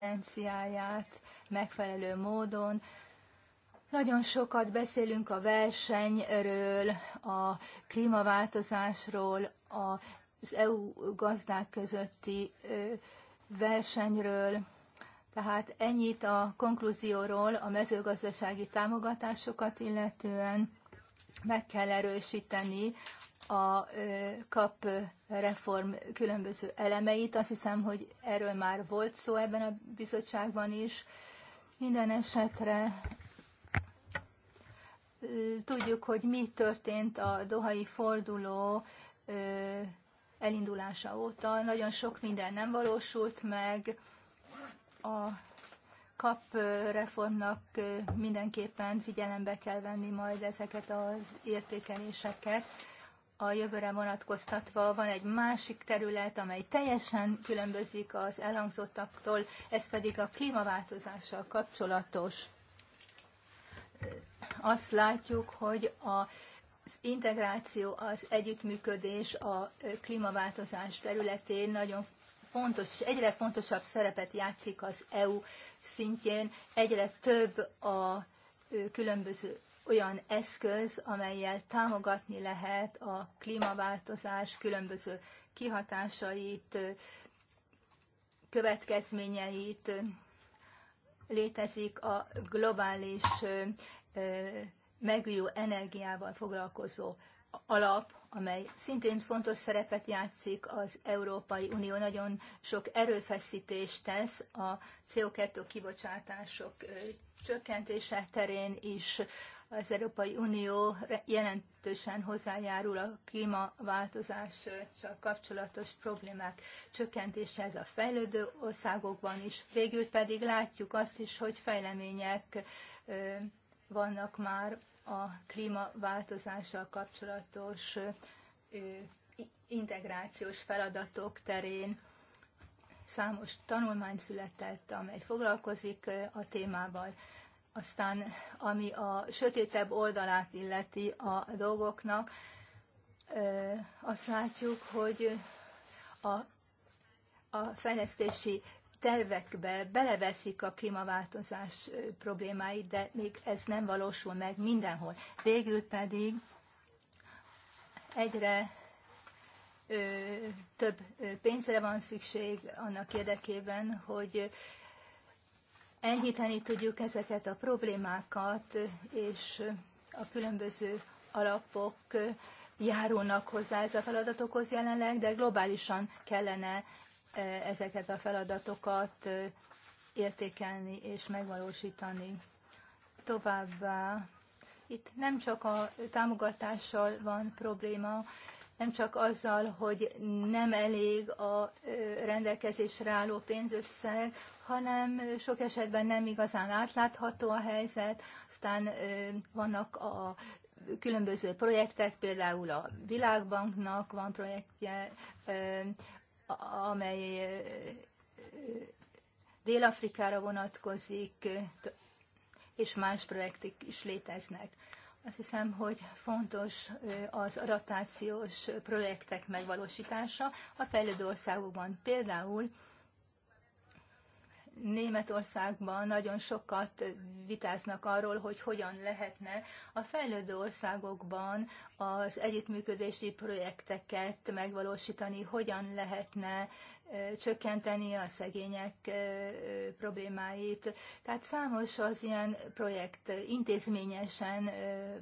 potenciáját megfelelő módon. Nagyon sokat beszélünk a versenyről, a klímaváltozásról, az EU gazdák közötti versenyről. Tehát ennyit a konklúzióról a mezőgazdasági támogatásokat illetően meg kell erősíteni a kap reform különböző elemeit. Azt hiszem, hogy erről már volt szó ebben a bizottságban is. Minden esetre tudjuk, hogy mi történt a dohai forduló elindulása óta. Nagyon sok minden nem valósult meg. A kap reformnak mindenképpen figyelembe kell venni majd ezeket az értékeléseket a jövőre vonatkoztatva van egy másik terület, amely teljesen különbözik az elhangzottaktól, ez pedig a klímaváltozással kapcsolatos. Azt látjuk, hogy a az integráció, az együttműködés a klímaváltozás területén nagyon fontos, és egyre fontosabb szerepet játszik az EU szintjén, egyre több a különböző olyan eszköz, amelyel támogatni lehet a klímaváltozás különböző kihatásait, következményeit. Létezik a globális megújuló energiával foglalkozó alap, amely szintén fontos szerepet játszik, az Európai Unió nagyon sok erőfeszítést tesz a CO2 kibocsátások csökkentése terén is, az Európai Unió jelentősen hozzájárul a klímaváltozással kapcsolatos problémák csökkentéséhez a fejlődő országokban is. Végül pedig látjuk azt is, hogy fejlemények vannak már a klímaváltozással kapcsolatos integrációs feladatok terén számos tanulmány született, amely foglalkozik a témával. Aztán, ami a sötétebb oldalát illeti a dolgoknak, azt látjuk, hogy a, a fejlesztési tervekbe beleveszik a klímaváltozás problémáit, de még ez nem valósul meg mindenhol. Végül pedig egyre ö, több pénzre van szükség annak érdekében, hogy enyhíteni tudjuk ezeket a problémákat, és a különböző alapok járulnak hozzá ez a feladatokhoz jelenleg, de globálisan kellene e, ezeket a feladatokat e, értékelni és megvalósítani. Továbbá itt nem csak a támogatással van probléma, nem csak azzal, hogy nem elég a rendelkezésre álló pénzösszeg, hanem sok esetben nem igazán átlátható a helyzet, aztán vannak a különböző projektek, például a Világbanknak van projektje, amely Dél-Afrikára vonatkozik, és más projektek is léteznek. Azt hiszem, hogy fontos az adaptációs projektek megvalósítása a fejlődő országokban. Például Németországban nagyon sokat vitáznak arról, hogy hogyan lehetne a fejlődő országokban az együttműködési projekteket megvalósítani, hogyan lehetne csökkenteni a szegények problémáit. Tehát számos az ilyen projekt intézményesen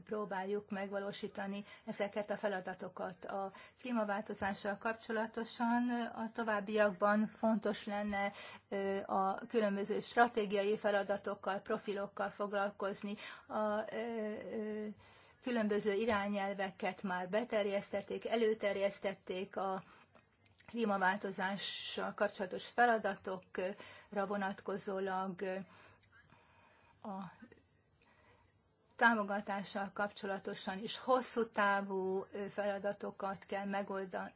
próbáljuk megvalósítani ezeket a feladatokat. A klímaváltozással kapcsolatosan a továbbiakban fontos lenne a különböző stratégiai feladatokkal, profilokkal foglalkozni. A különböző irányelveket már beterjesztették, előterjesztették a klímaváltozással kapcsolatos feladatokra vonatkozólag a támogatással kapcsolatosan is hosszú távú feladatokat kell megoldani,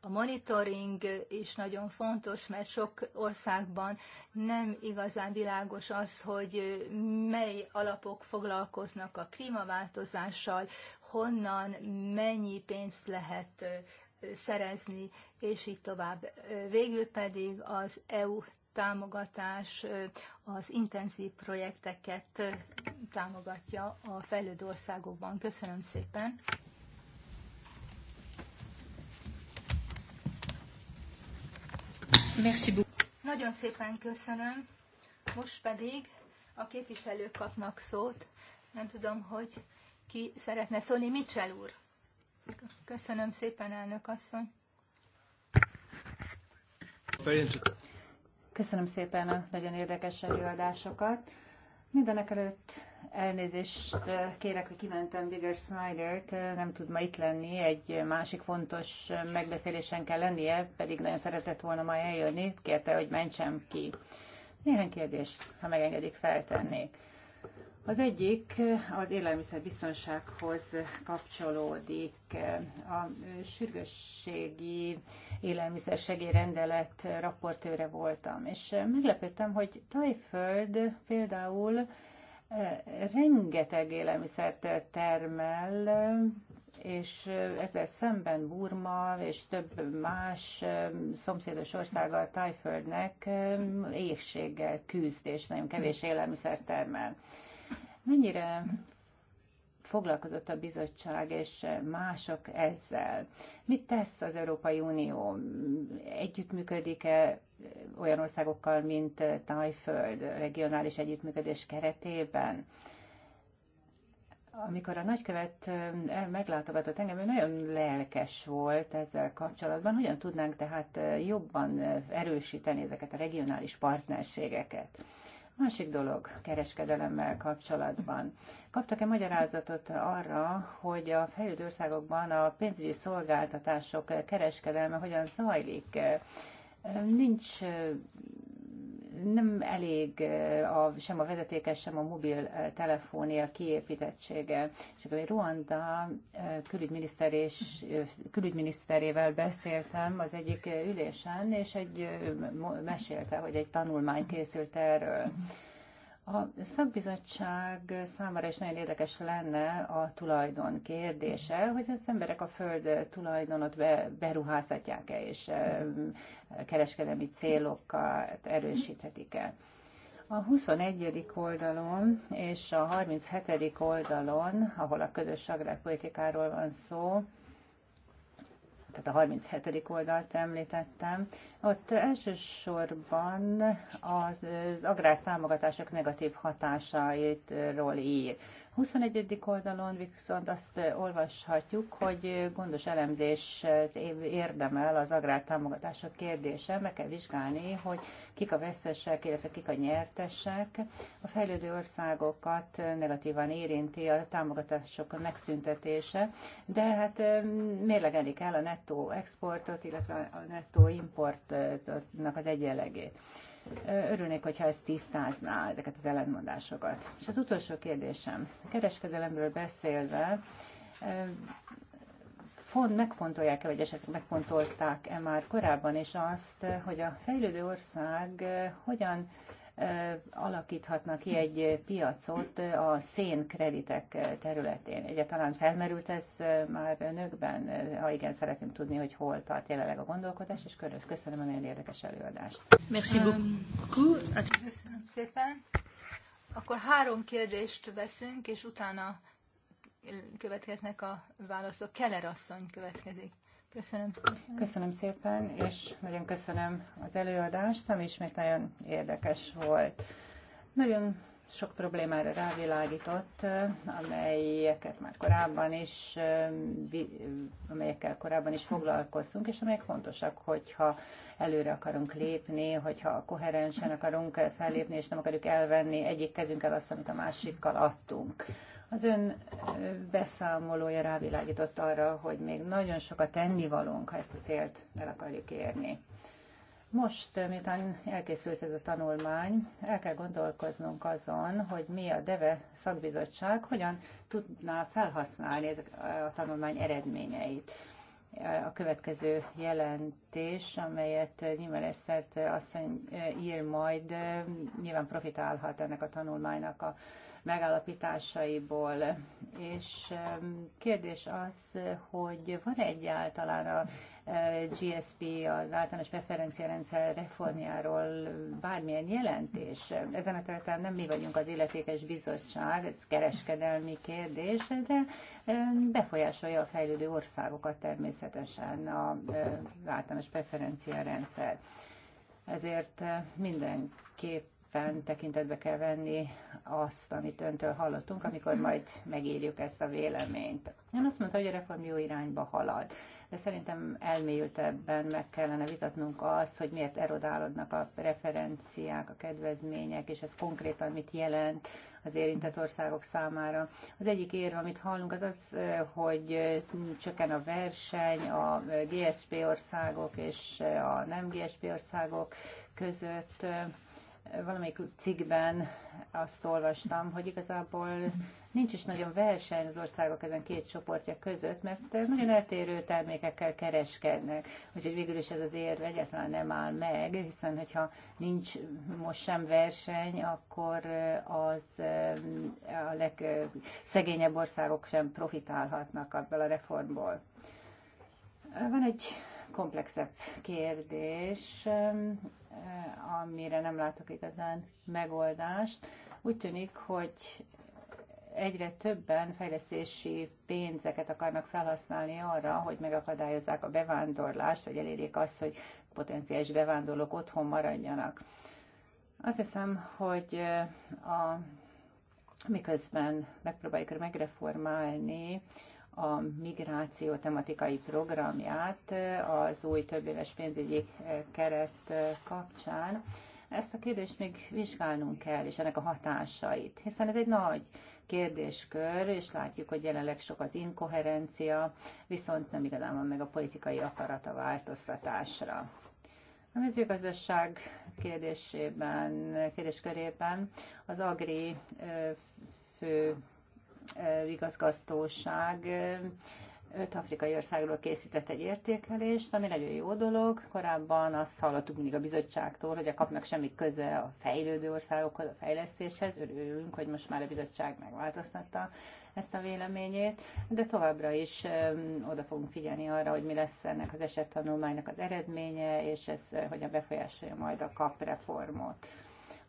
A monitoring is nagyon fontos, mert sok országban nem igazán világos az, hogy mely alapok foglalkoznak a klímaváltozással, honnan mennyi pénzt lehet szerezni és így tovább. Végül pedig az EU támogatás az intenzív projekteket támogatja a fejlődő országokban. Köszönöm szépen! Merci Nagyon szépen köszönöm. Most pedig a képviselők kapnak szót. Nem tudom, hogy ki szeretne szólni. Mitchell úr. Köszönöm szépen, elnök asszony. Köszönöm szépen a nagyon érdekes előadásokat. Mindenek előtt elnézést kérek, hogy kimentem Bigger Snyder-t, nem tud ma itt lenni, egy másik fontos megbeszélésen kell lennie, pedig nagyon szeretett volna ma eljönni, kérte, hogy mentsem ki. Néhány kérdést, ha megengedik, feltennék. Az egyik az élelmiszerbiztonsághoz kapcsolódik. A sürgősségi élelmiszersegélyrendelet rendelet raportőre voltam, és meglepődtem, hogy Tajföld például eh, rengeteg élelmiszert termel, és ezzel szemben Burma és több más eh, szomszédos a Tájföldnek eh, éhséggel küzd, és nagyon kevés élelmiszer termel. Mennyire foglalkozott a bizottság és mások ezzel? Mit tesz az Európai Unió? Együttműködik-e olyan országokkal, mint Tajföld regionális együttműködés keretében? amikor a nagykövet eh, meglátogatott engem, ő nagyon lelkes volt ezzel kapcsolatban. Hogyan tudnánk tehát eh, jobban eh, erősíteni ezeket a regionális partnerségeket? Másik dolog kereskedelemmel kapcsolatban. Kaptak-e magyarázatot arra, hogy a fejlődő országokban a pénzügyi szolgáltatások kereskedelme hogyan zajlik? Nincs nem elég eh, a, sem a vezetékes, sem a mobil eh, telefonia kiépítettsége. És akkor Ruanda eh, külügyminiszter és, külügyminiszterével beszéltem az egyik ülésen, és egy mesélte, hogy egy tanulmány készült erről. Uh-huh a szakbizottság számára is nagyon érdekes lenne a tulajdon kérdése, hogy az emberek a föld tulajdonot be, beruházhatják-e, és kereskedelmi célokat erősíthetik-e. A 21. oldalon és a 37. oldalon, ahol a közös agrárpolitikáról van szó, tehát a 37. oldalt említettem, ott elsősorban az, az agrártámogatások negatív hatásairól ír. 21. oldalon viszont azt eh, olvashatjuk, hogy eh, gondos elemzés érdemel az agrártámogatások kérdése. Meg kell vizsgálni, hogy kik a vesztesek, illetve kik a nyertesek. A fejlődő országokat eh, negatívan érinti a támogatások megszüntetése, de hát mérlegelik el a nettó exportot, illetve a nettó importnak az egyenlegét. Örülnék, hogyha ezt tisztázná, ezeket az ellentmondásokat. És az utolsó kérdésem. A kereskedelemről beszélve, font, megfontolják-e, vagy esetleg megfontolták-e már korábban is azt, hogy a fejlődő ország hogyan alakíthatnak ki egy piacot a szénkreditek területén. Egyáltalán felmerült ez már önökben? Ha igen, szeretném tudni, hogy hol tart jelenleg a gondolkodás, és köszönöm a nagyon érdekes előadást. Merci beaucoup. Köszönöm szépen. Akkor három kérdést veszünk, és utána következnek a válaszok. Keller asszony következik. Köszönöm szépen. Köszönöm szépen, és nagyon köszönöm az előadást, ami ismét nagyon érdekes volt. Nagyon sok problémára rávilágított, amelyeket már korábban is, amelyekkel korábban is foglalkoztunk, és amelyek fontosak, hogyha előre akarunk lépni, hogyha koherensen akarunk fellépni, és nem akarjuk elvenni egyik kezünkkel azt, amit a másikkal adtunk. Az ön beszámolója rávilágított arra, hogy még nagyon sokat tennivalónk, ha ezt a célt el akarjuk érni. Most, miután elkészült ez a tanulmány, el kell gondolkoznunk azon, hogy mi a DEVE szakbizottság hogyan tudná felhasználni ezek a tanulmány eredményeit. A következő jelentés, amelyet nyilván szert asszony ír majd, nyilván profitálhat ennek a tanulmánynak a megállapításaiból. És kérdés az, hogy van -e egyáltalán a e, GSP, az általános preferenciarendszer reformjáról bármilyen jelentés. Ezen a területen nem mi vagyunk az illetékes bizottság, ez kereskedelmi kérdés, de e, befolyásolja a fejlődő országokat természetesen az e, általános preferenciarendszer. Ezért mindenképp mindenképpen tekintetbe kell venni azt, amit öntől hallottunk, amikor majd megírjuk ezt a véleményt. Én azt mondta, hogy a reform jó irányba halad, de szerintem elmélyültebben meg kellene vitatnunk azt, hogy miért erodálodnak a preferenciák, a kedvezmények, és ez konkrétan mit jelent az érintett országok számára. Az egyik érv, amit hallunk, az az, hogy csökken a verseny a GSP országok és a nem GSP országok között valamelyik cikkben azt olvastam, hogy igazából nincs is nagyon verseny az országok ezen két csoportja között, mert nagyon eltérő termékekkel kereskednek. Úgyhogy végül is ez az érve egyáltalán nem áll meg, hiszen hogyha nincs most sem verseny, akkor az eh, a legszegényebb országok sem profitálhatnak abból a reformból. Van egy komplexebb kérdés, amire nem látok igazán megoldást. Úgy tűnik, hogy egyre többen fejlesztési pénzeket akarnak felhasználni arra, hogy megakadályozzák a bevándorlást, vagy elérjék azt, hogy potenciális bevándorlók otthon maradjanak. Azt hiszem, hogy a miközben megpróbáljuk megreformálni a migráció tematikai programját az új többéves pénzügyi eh, keret eh, kapcsán. Ezt a kérdést még vizsgálnunk kell, és ennek a hatásait, hiszen ez egy nagy kérdéskör, és látjuk, hogy jelenleg sok az inkoherencia, viszont nem igazán van meg a politikai akarat a változtatásra. A mezőgazdaság kérdésében, kérdéskörében az Agri eh, fő igazgatóság öt afrikai országról készített egy értékelést, ami nagyon jó dolog. Korábban azt hallottuk mindig a bizottságtól, hogy a kapnak semmi köze a fejlődő országokhoz, a fejlesztéshez. Örülünk, hogy most már a bizottság megváltoztatta ezt a véleményét, de továbbra is oda fogunk figyelni arra, hogy mi lesz ennek az esettanulmánynak az eredménye, és ez hogyan befolyásolja majd a kapreformot. reformot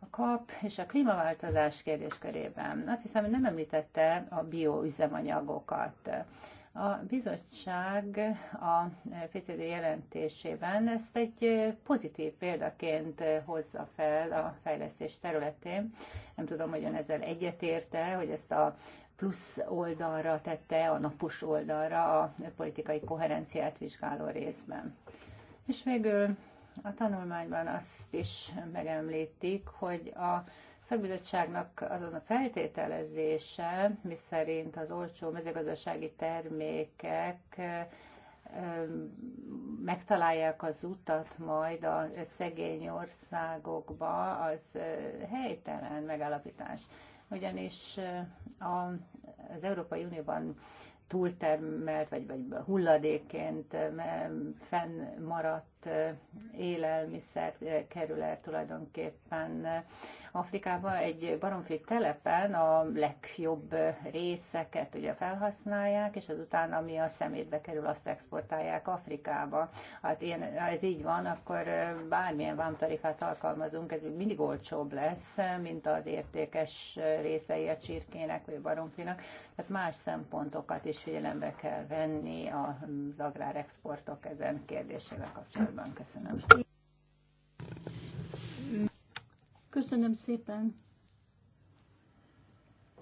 a kap és a klímaváltozás kérdéskörében. Azt hiszem, hogy nem említette a bioüzemanyagokat. A bizottság a PCD jelentésében ezt egy pozitív példaként hozza fel a fejlesztés területén. Nem tudom, hogy ön ezzel egyetérte, hogy ezt a plusz oldalra tette, a napos oldalra a politikai koherenciát vizsgáló részben. És végül a tanulmányban azt is megemlítik, hogy a szakbizottságnak azon a feltételezése, miszerint az olcsó mezőgazdasági termékek megtalálják az utat majd a szegény országokba, az helytelen megállapítás. Ugyanis az Európai Unióban túltermelt, vagy, vagy hulladéként fennmaradt élelmiszer kerül el tulajdonképpen Afrikába. Egy baromfi telepen a legjobb részeket ugye felhasználják, és azután ami a szemétbe kerül, azt exportálják Afrikába. Hát ilyen, ha ez így van, akkor bármilyen vámtarifát alkalmazunk, ez mindig olcsóbb lesz, mint az értékes részei a csirkének vagy baromfinak. Tehát más szempontokat is figyelembe kell venni az agrárexportok ezen kérdésével kapcsolatban sorban. Köszönöm. Köszönöm szépen.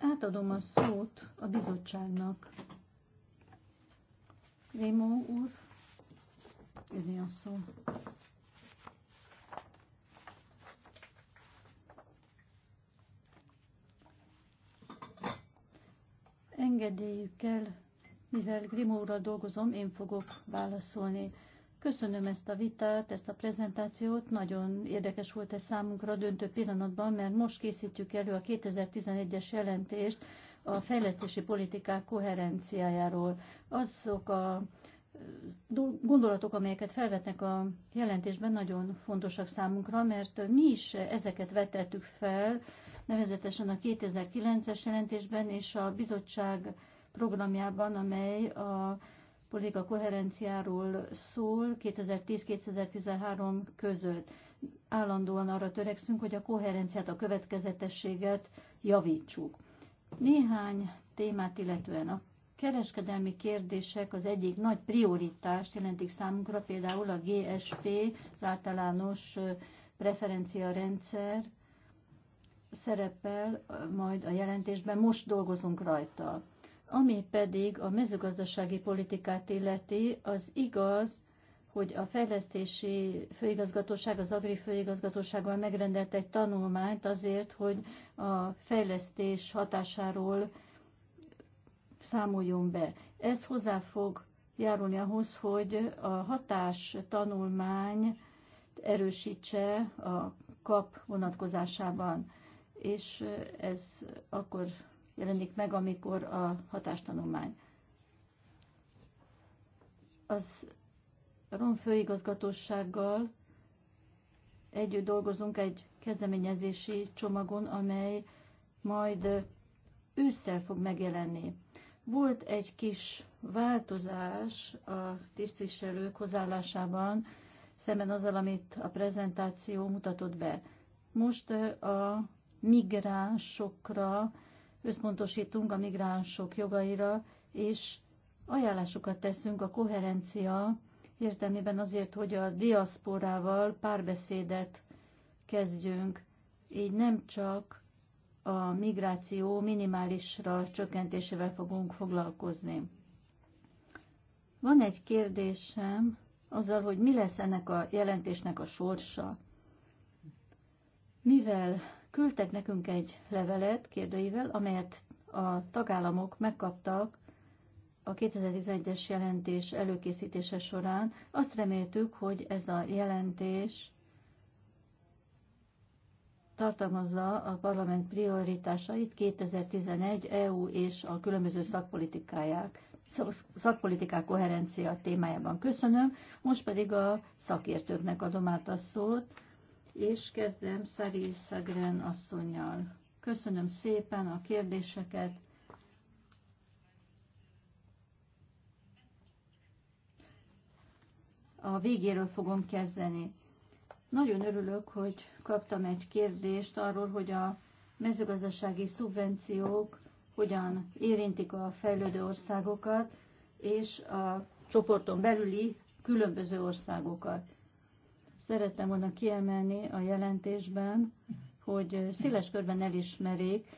Átadom a szót a bizottságnak. Rémó úr, jönni a szó. Engedélyükkel, mivel Grimóra dolgozom, én fogok válaszolni Köszönöm ezt a vitát, ezt a prezentációt. Nagyon érdekes volt ez számunkra a döntő pillanatban, mert most készítjük elő a 2011-es jelentést a fejlesztési politikák koherenciájáról. Azok a eh, gondolatok, amelyeket felvetnek a jelentésben, nagyon fontosak számunkra, mert mi is ezeket vetettük fel, nevezetesen a 2009-es jelentésben és a bizottság programjában, amely a politika koherenciáról szól 2010-2013 között. Állandóan arra törekszünk, hogy a koherenciát, a következetességet javítsuk. Néhány témát illetően a kereskedelmi kérdések az egyik nagy prioritást jelentik számunkra, például a GSP, az általános preferencia rendszer szerepel majd a jelentésben, most dolgozunk rajta. Ami pedig a mezőgazdasági politikát illeti, az igaz, hogy a fejlesztési főigazgatóság, az Agri főigazgatóságban megrendelt egy tanulmányt azért, hogy a fejlesztés hatásáról számoljon be. Ez hozzá fog járulni ahhoz, hogy a hatás tanulmány erősítse a kap vonatkozásában, és ez akkor jelenik meg, amikor a hatástanulmány. Az ROM főigazgatósággal együtt dolgozunk egy kezdeményezési csomagon, amely majd ősszel fog megjelenni. Volt egy kis változás a tisztviselők hozzáállásában, szemben azzal, amit a prezentáció mutatott be. Most a migránsokra összpontosítunk a migránsok jogaira, és ajánlásokat teszünk a koherencia értelmében azért, hogy a diaszporával párbeszédet kezdjünk. Így nem csak a migráció minimálisra csökkentésével fogunk foglalkozni. Van egy kérdésem azzal, hogy mi lesz ennek a jelentésnek a sorsa. Mivel küldtek nekünk egy levelet kérdőivel, amelyet a tagállamok megkaptak a 2011-es jelentés előkészítése során. Azt reméltük, hogy ez a jelentés tartalmazza a parlament prioritásait 2011 EU és a különböző szakpolitikáják szakpolitikák koherencia témájában köszönöm, most pedig a szakértőknek adom át a szót és kezdem Szari Szagren asszonynal. Köszönöm szépen a kérdéseket. A végéről fogom kezdeni. Nagyon örülök, hogy kaptam egy kérdést arról, hogy a mezőgazdasági szubvenciók hogyan érintik a fejlődő országokat és a csoporton belüli különböző országokat. Szerettem volna kiemelni a jelentésben, hogy széles körben elismerik,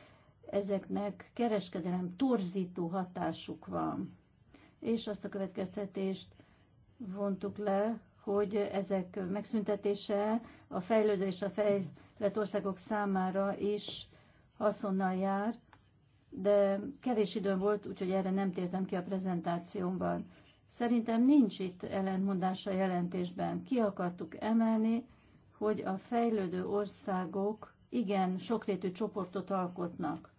ezeknek kereskedelem torzító hatásuk van. És azt a következtetést vontuk le, hogy ezek megszüntetése a fejlődő és a fejlett országok számára is haszonnal jár, de kevés időm volt, úgyhogy erre nem tértem ki a prezentációmban. Szerintem nincs itt ellentmondás a jelentésben. Ki akartuk emelni, hogy a fejlődő országok igen sokrétű csoportot alkotnak.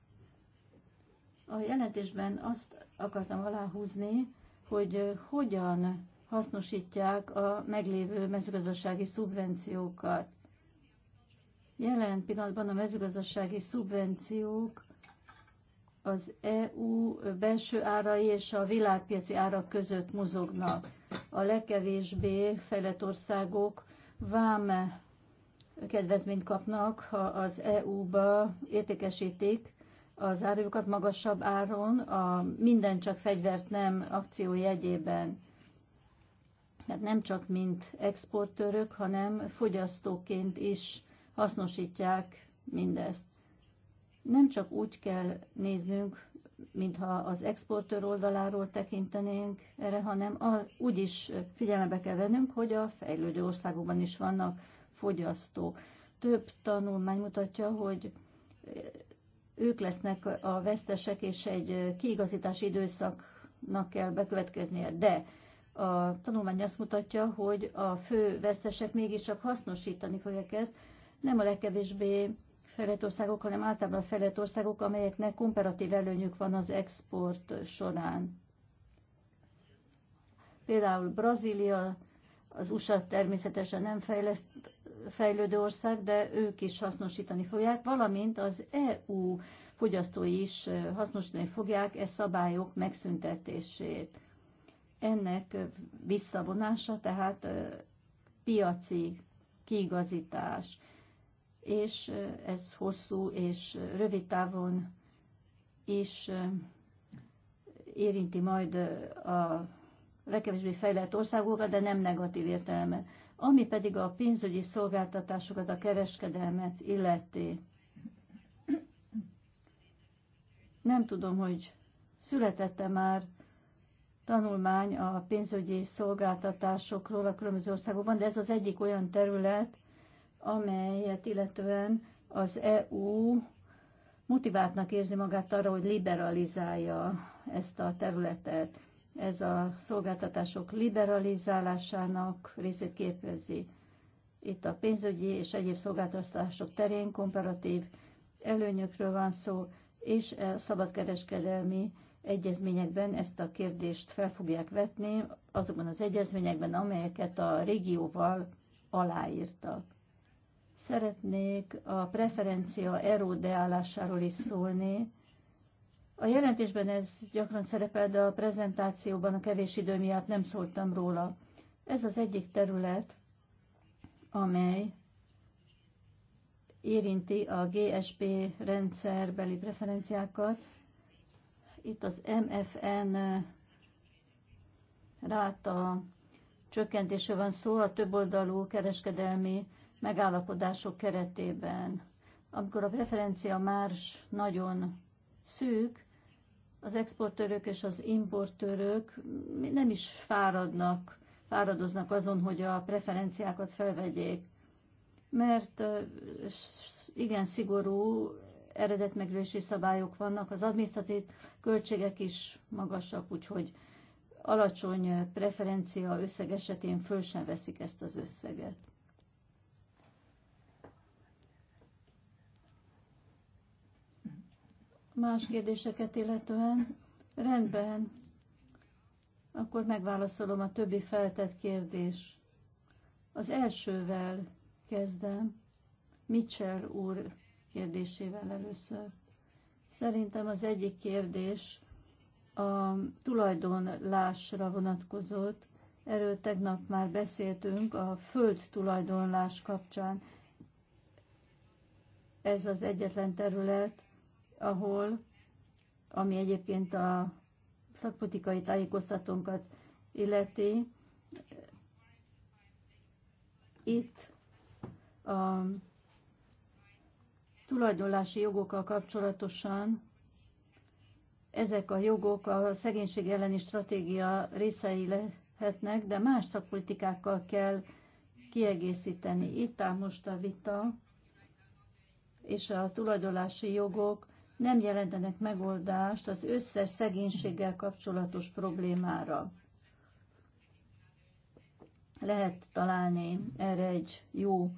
A jelentésben azt akartam aláhúzni, hogy hogyan hasznosítják a meglévő mezőgazdasági szubvenciókat. Jelen pillanatban a mezőgazdasági szubvenciók az EU belső árai és a világpiaci árak között mozognak. A legkevésbé fejlett országok vám kedvezményt kapnak, ha az EU-ba értékesítik az árujukat magasabb áron, a minden csak fegyvert nem akció jegyében. Tehát nem csak mint exportőrök, hanem fogyasztóként is hasznosítják mindezt. Nem csak úgy kell néznünk, mintha az exportőr oldaláról tekintenénk erre, hanem úgy is figyelembe kell vennünk, hogy a fejlődő országokban is vannak fogyasztók. Több tanulmány mutatja, hogy eh, ők lesznek a vesztesek, és egy kiigazítás időszaknak kell bekövetkeznie. De a tanulmány azt mutatja, hogy a fő vesztesek mégiscsak hasznosítani fogják ezt, nem a legkevésbé fejlett országok, hanem általában fejlett országok, amelyeknek komparatív előnyük van az export során. Például Brazília, az USA természetesen nem fejleszt, fejlődő ország, de ők is hasznosítani fogják, valamint az EU fogyasztói is hasznosítani fogják e szabályok megszüntetését. Ennek visszavonása tehát piaci kiigazítás és ez hosszú és rövid távon is érinti majd a legkevésbé fejlett országokat, de nem negatív értelemben. Ami pedig a pénzügyi szolgáltatásokat, a kereskedelmet illeti. Nem tudom, hogy születette már tanulmány a pénzügyi szolgáltatásokról a különböző országokban, de ez az egyik olyan terület, amelyet illetően az EU motiváltnak érzi magát arra, hogy liberalizálja ezt a területet. Ez a szolgáltatások liberalizálásának részét képezi. Itt a pénzügyi és egyéb szolgáltatások terén komparatív előnyökről van szó, és szabadkereskedelmi egyezményekben ezt a kérdést fel fogják vetni, azokban az egyezményekben, amelyeket a régióval aláírtak. Szeretnék a preferencia erodeállásáról is szólni. A jelentésben ez gyakran szerepel, de a prezentációban a kevés idő miatt nem szóltam róla. Ez az egyik terület, amely érinti a GSP rendszerbeli preferenciákat. Itt az MFN ráta csökkentése van szó, a többoldalú kereskedelmi megállapodások keretében. Amikor a preferencia márs nagyon szűk, az exportőrök és az importőrök nem is fáradnak, fáradoznak azon, hogy a preferenciákat felvegyék, mert igen szigorú eredetmeglési szabályok vannak, az adminisztratív költségek is magasak, úgyhogy alacsony preferencia összeg esetén föl sem veszik ezt az összeget. más kérdéseket illetően rendben, akkor megválaszolom a többi feltett kérdés. Az elsővel kezdem, Mitchell úr kérdésével először. Szerintem az egyik kérdés a tulajdonlásra vonatkozott. Erről tegnap már beszéltünk a föld tulajdonlás kapcsán. Ez az egyetlen terület, ahol, ami egyébként a szakpolitikai tájékoztatónkat illeti, itt a tulajdonlási jogokkal kapcsolatosan ezek a jogok a szegénység elleni stratégia részei lehetnek, de más szakpolitikákkal kell kiegészíteni. Itt áll most a vita, és a tulajdonlási jogok nem jelentenek megoldást az összes szegénységgel kapcsolatos problémára. Lehet találni erre egy jó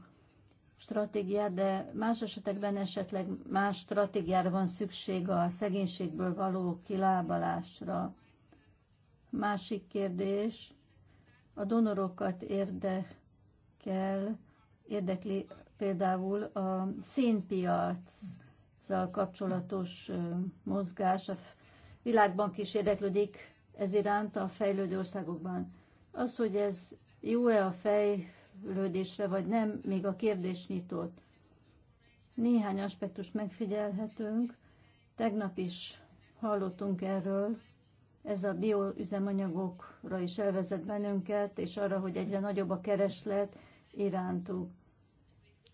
stratégiát, de más esetekben esetleg más stratégiára van szükség a szegénységből való kilábalásra. Másik kérdés, a donorokat érdekel, érdekli például a szénpiac, Szóval kapcsolatos mozgás a világban is érdeklődik ez iránt a fejlődő országokban. Az, hogy ez jó-e a fejlődésre, vagy nem, még a kérdés nyitott. Néhány aspektust megfigyelhetünk. Tegnap is hallottunk erről. Ez a bioüzemanyagokra is elvezet bennünket, és arra, hogy egyre nagyobb a kereslet irántuk.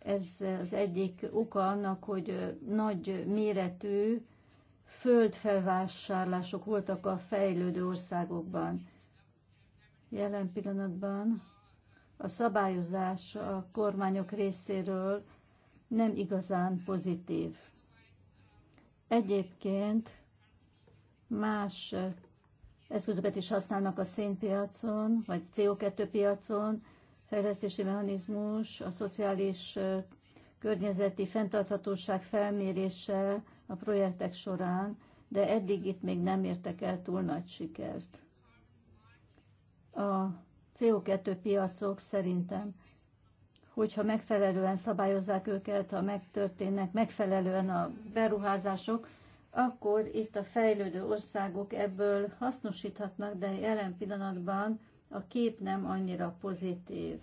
Ez az egyik oka annak, hogy nagy méretű földfelvásárlások voltak a fejlődő országokban. Jelen pillanatban a szabályozás a kormányok részéről nem igazán pozitív. Egyébként más eszközöket is használnak a szénpiacon, vagy CO2 piacon, fejlesztési mechanizmus, a szociális környezeti fenntarthatóság felmérése a projektek során, de eddig itt még nem értek el túl nagy sikert. A CO2 piacok szerintem, hogyha megfelelően szabályozzák őket, ha megtörténnek megfelelően a beruházások, akkor itt a fejlődő országok ebből hasznosíthatnak, de jelen pillanatban a kép nem annyira pozitív.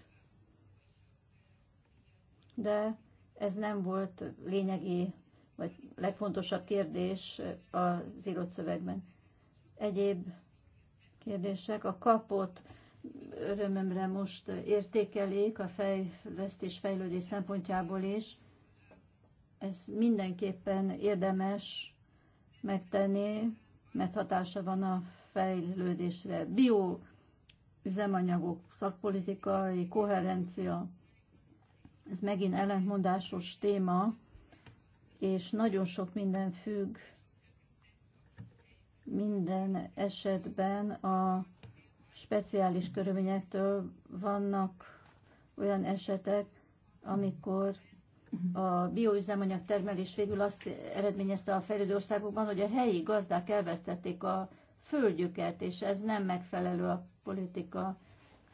De ez nem volt lényegi, vagy legfontosabb kérdés az írott szövegben. Egyéb kérdések. A kapot örömömre most értékelik a fejlesztés fejlődés szempontjából is. Ez mindenképpen érdemes megtenni, mert hatása van a fejlődésre. Bio üzemanyagok, szakpolitikai koherencia. Ez megint ellentmondásos téma, és nagyon sok minden függ minden esetben a speciális körülményektől vannak olyan esetek, amikor a bioüzemanyag termelés végül azt eredményezte a fejlődő országokban, hogy a helyi gazdák elvesztették a földjüket, és ez nem megfelelő a politika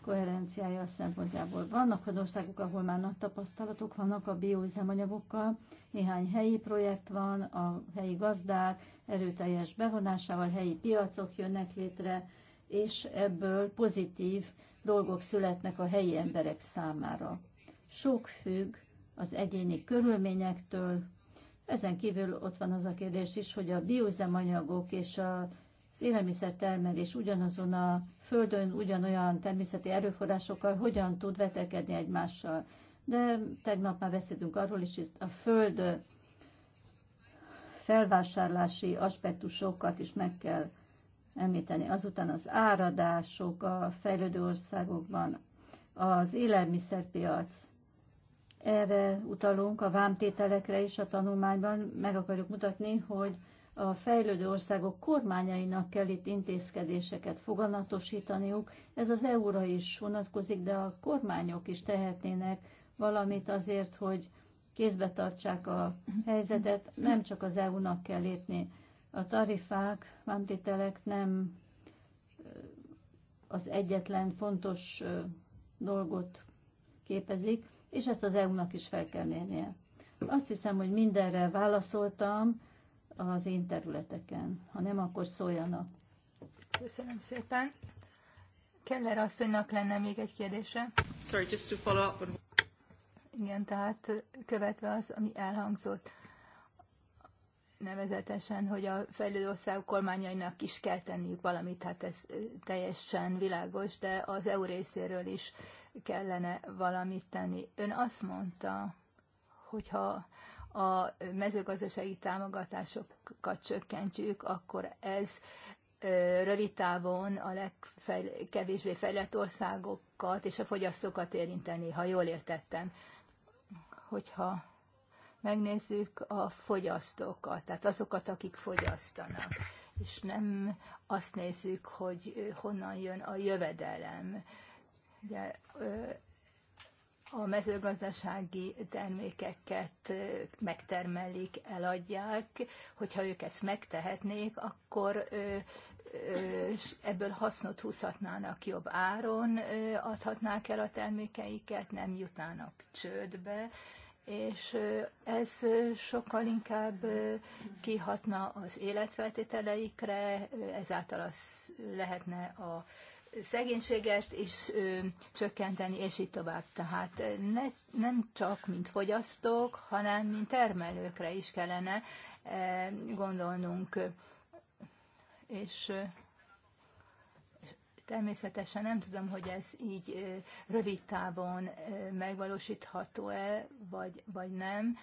koherenciája szempontjából. Vannak olyan országok, ahol már nagy tapasztalatok vannak a bioüzemanyagokkal, néhány helyi projekt van, a helyi gazdák erőteljes bevonásával helyi piacok jönnek létre, és ebből pozitív dolgok születnek a helyi emberek számára. Sok függ az egyéni körülményektől, ezen kívül ott van az a kérdés is, hogy a bioüzemanyagok és a az élelmiszertermelés ugyanazon a földön, ugyanolyan természeti erőforrásokkal hogyan tud vetekedni egymással. De tegnap már beszéltünk arról is, hogy a föld felvásárlási aspektusokat is meg kell említeni. Azután az áradások a fejlődő országokban, az élelmiszerpiac, erre utalunk a vámtételekre is a tanulmányban, meg akarjuk mutatni, hogy a fejlődő országok kormányainak kell itt intézkedéseket foganatosítaniuk. Ez az EU-ra is vonatkozik, de a kormányok is tehetnének valamit azért, hogy kézbe tartsák a helyzetet. Nem csak az EU-nak kell lépni. A tarifák, mantitelek nem az egyetlen fontos dolgot képezik, és ezt az EU-nak is fel kell mérnie. Azt hiszem, hogy mindenre válaszoltam az én területeken. Ha nem, akkor szóljanak. Köszönöm szépen. Keller asszonynak lenne még egy kérdése. Sorry, just to follow up Igen, tehát követve az, ami elhangzott, nevezetesen, hogy a fejlődő országok kormányainak is kell tenniük valamit, hát ez teljesen világos, de az EU részéről is kellene valamit tenni. Ön azt mondta, hogyha a mezőgazdasági támogatásokat csökkentjük, akkor ez rövid távon a legkevésbé fejlett országokat és a fogyasztókat érinteni, ha jól értettem. Hogyha megnézzük a fogyasztókat, tehát azokat, akik fogyasztanak, és nem azt nézzük, hogy honnan jön a jövedelem. Ugye, a mezőgazdasági termékeket megtermelik, eladják. Hogyha ők ezt megtehetnék, akkor ebből hasznot húzhatnának jobb áron, adhatnák el a termékeiket, nem jutnának csődbe, és ez sokkal inkább kihatna az életfeltételeikre, ezáltal az lehetne a szegénységet is csökkenteni, és így tovább. Tehát ne, nem csak mint fogyasztók, hanem mint termelőkre is kellene gondolnunk. És természetesen nem tudom, hogy ez így rövid távon megvalósítható-e, vagy, vagy nem,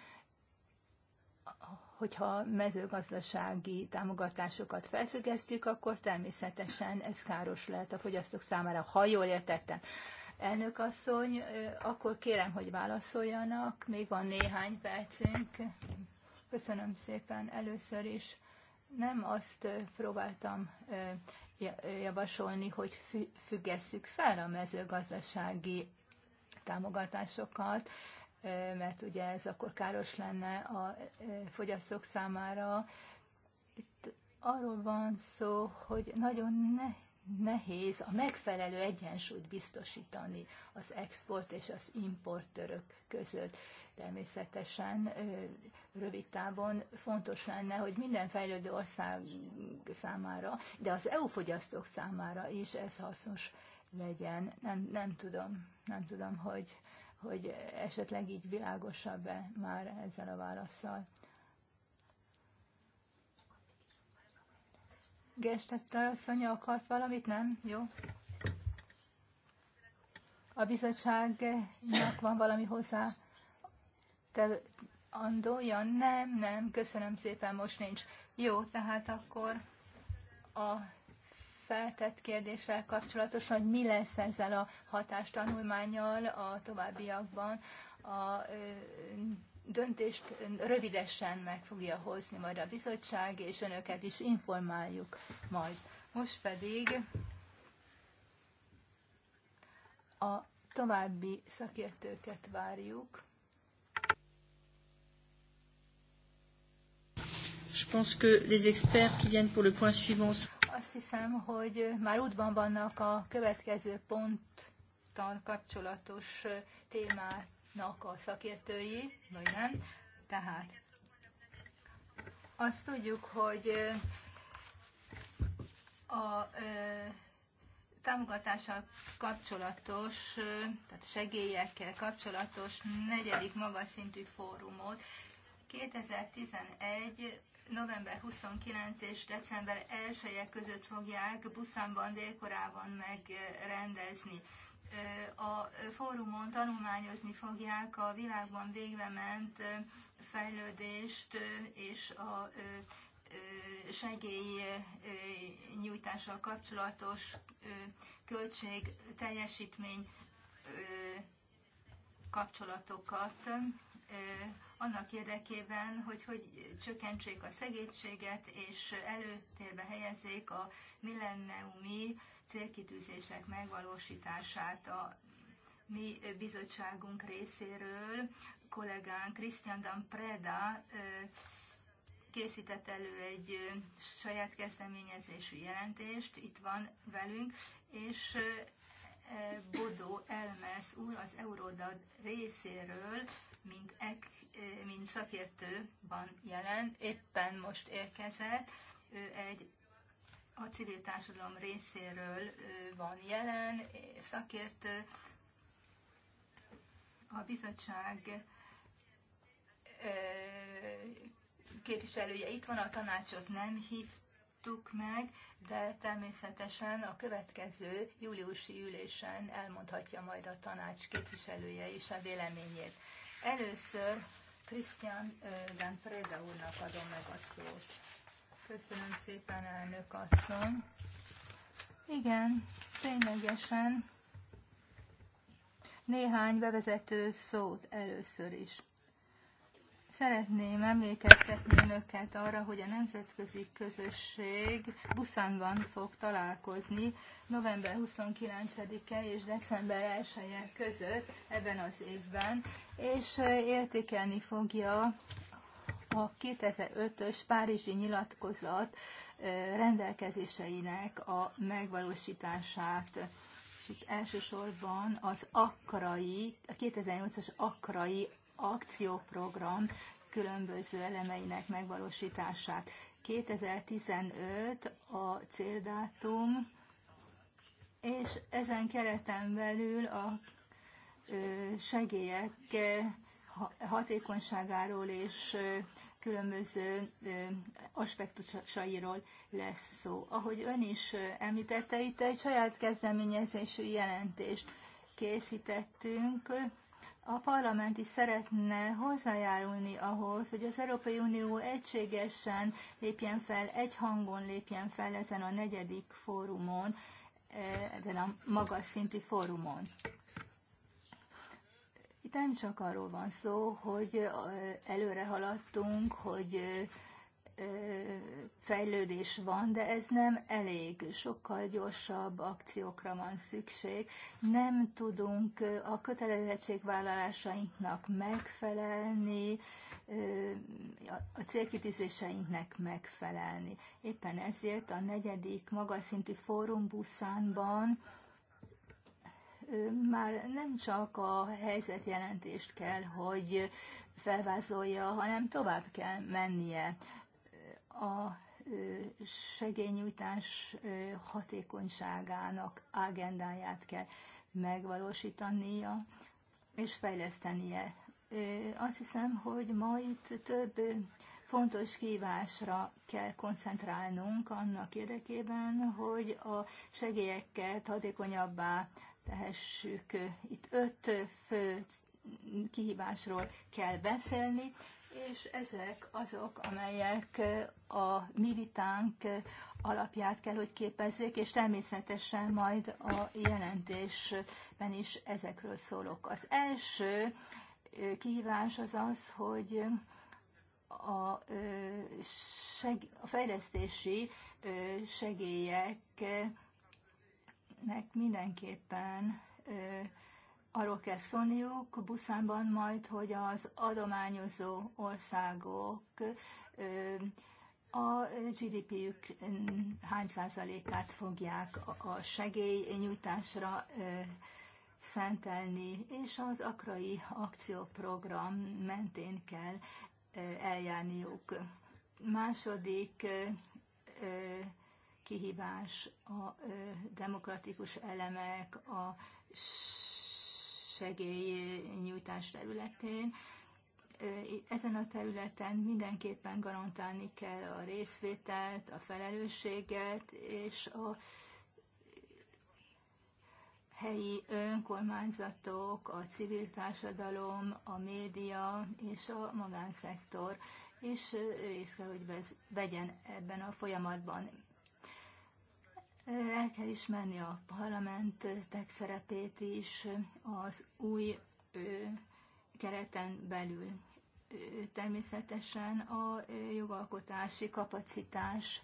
hogyha mezőgazdasági támogatásokat felfüggesztjük, akkor természetesen ez káros lehet a fogyasztók számára, ha jól értettem. Elnök asszony, akkor kérem, hogy válaszoljanak. Még van néhány percünk. Köszönöm szépen először is. Nem azt próbáltam javasolni, hogy függesszük fel a mezőgazdasági támogatásokat, mert ugye ez akkor káros lenne a fogyasztók számára. Itt arról van szó, hogy nagyon ne, nehéz a megfelelő egyensúlyt biztosítani az export és az török között. Természetesen rövid távon fontos lenne, hogy minden fejlődő ország számára, de az EU fogyasztók számára is ez hasznos legyen. Nem, nem tudom, nem tudom, hogy hogy esetleg így világosabb-e már ezzel a válaszsal. Gestettel asszonya akart valamit, nem? Jó. A bizottságnak van valami hozzá? Te, Andója nem, nem, köszönöm szépen, most nincs. Jó, tehát akkor a feltett kérdéssel kapcsolatosan, hogy mi lesz ezzel a hatástanulmányjal a továbbiakban. A döntést rövidesen meg fogja hozni majd a bizottság, és önöket is informáljuk majd. Most pedig a további szakértőket várjuk. Je pense que les experts qui viennent pour le point suivant azt hiszem, hogy már útban vannak a következő ponttal kapcsolatos témának a szakértői, vagy nem. Tehát azt tudjuk, hogy a támogatással kapcsolatos, tehát segélyekkel kapcsolatos negyedik magaszintű fórumot 2011 november 29 és december 1 között fogják Buszánban, délkorában megrendezni. A fórumon tanulmányozni fogják a világban végbe ment fejlődést és a segélynyújtással kapcsolatos költség teljesítmény kapcsolatokat annak érdekében, hogy hogy csökkentsék a szegénységet, és előtérbe helyezzék a millenniumi célkitűzések megvalósítását a mi bizottságunk részéről. Kollégánk Christian Dan Preda készített elő egy saját kezdeményezésű jelentést, itt van velünk, és Bodó Elmes úr az Eurodad részéről mint, ek, mint szakértő van jelen, éppen most érkezett, ő egy a civil társadalom részéről van jelen, szakértő. A bizottság képviselője itt van, a tanácsot nem hívtuk meg, de természetesen a következő júliusi ülésen elmondhatja majd a tanács képviselője is a véleményét. Először Krisztián Danfreda, Preda úrnak adom meg a szót. Köszönöm szépen, elnök asszony. Igen, ténylegesen néhány bevezető szót először is. Szeretném emlékeztetni önöket arra, hogy a nemzetközi közösség Busanban fog találkozni november 29-e és december 1 -e között ebben az évben, és értékelni fogja a 2005-ös Párizsi nyilatkozat rendelkezéseinek a megvalósítását. És itt elsősorban az akrai, a 2008-as akrai akcióprogram különböző elemeinek megvalósítását. 2015 a céldátum, és ezen kereten belül a segélyek hatékonyságáról és különböző aspektusairól lesz szó. Ahogy ön is említette, itt egy saját kezdeményezésű jelentést készítettünk a parlament is szeretne hozzájárulni ahhoz, hogy az Európai Unió egységesen lépjen fel, egy hangon lépjen fel ezen a negyedik fórumon, ezen a magas szintű fórumon. Itt nem csak arról van szó, hogy előre haladtunk, hogy fejlődés van, de ez nem elég. Sokkal gyorsabb akciókra van szükség. Nem tudunk a kötelezettségvállalásainknak megfelelni, a célkitűzéseinknek megfelelni. Éppen ezért a negyedik magas szintű fórum Buszánban már nem csak a helyzetjelentést kell, hogy felvázolja, hanem tovább kell mennie a segényújtás hatékonyságának agendáját kell megvalósítania és fejlesztenie. Azt hiszem, hogy ma itt több fontos kívásra kell koncentrálnunk annak érdekében, hogy a segélyeket hatékonyabbá tehessük. Itt öt fő kihívásról kell beszélni, és ezek azok, amelyek eh, a mi vitánk alapját kell, hogy képezzék, és természetesen majd a jelentésben is ezekről szólok. Az első eh, kihívás az az, hogy a, eh, seg, a fejlesztési segélyeknek mindenképpen arról kell szólniuk Buszánban majd, hogy az adományozó országok a GDP-jük hány százalékát fogják a segélynyújtásra szentelni, és az akrai akcióprogram mentén kell eljárniuk. Második kihívás a demokratikus elemek, a segélynyújtás területén. Ezen a területen mindenképpen garantálni kell a részvételt, a felelősséget és a helyi önkormányzatok, a civil társadalom, a média és a magánszektor is részt kell, hogy vegyen ebben a folyamatban. El kell ismerni a parlamentek szerepét is az új kereten belül. Természetesen a jogalkotási kapacitás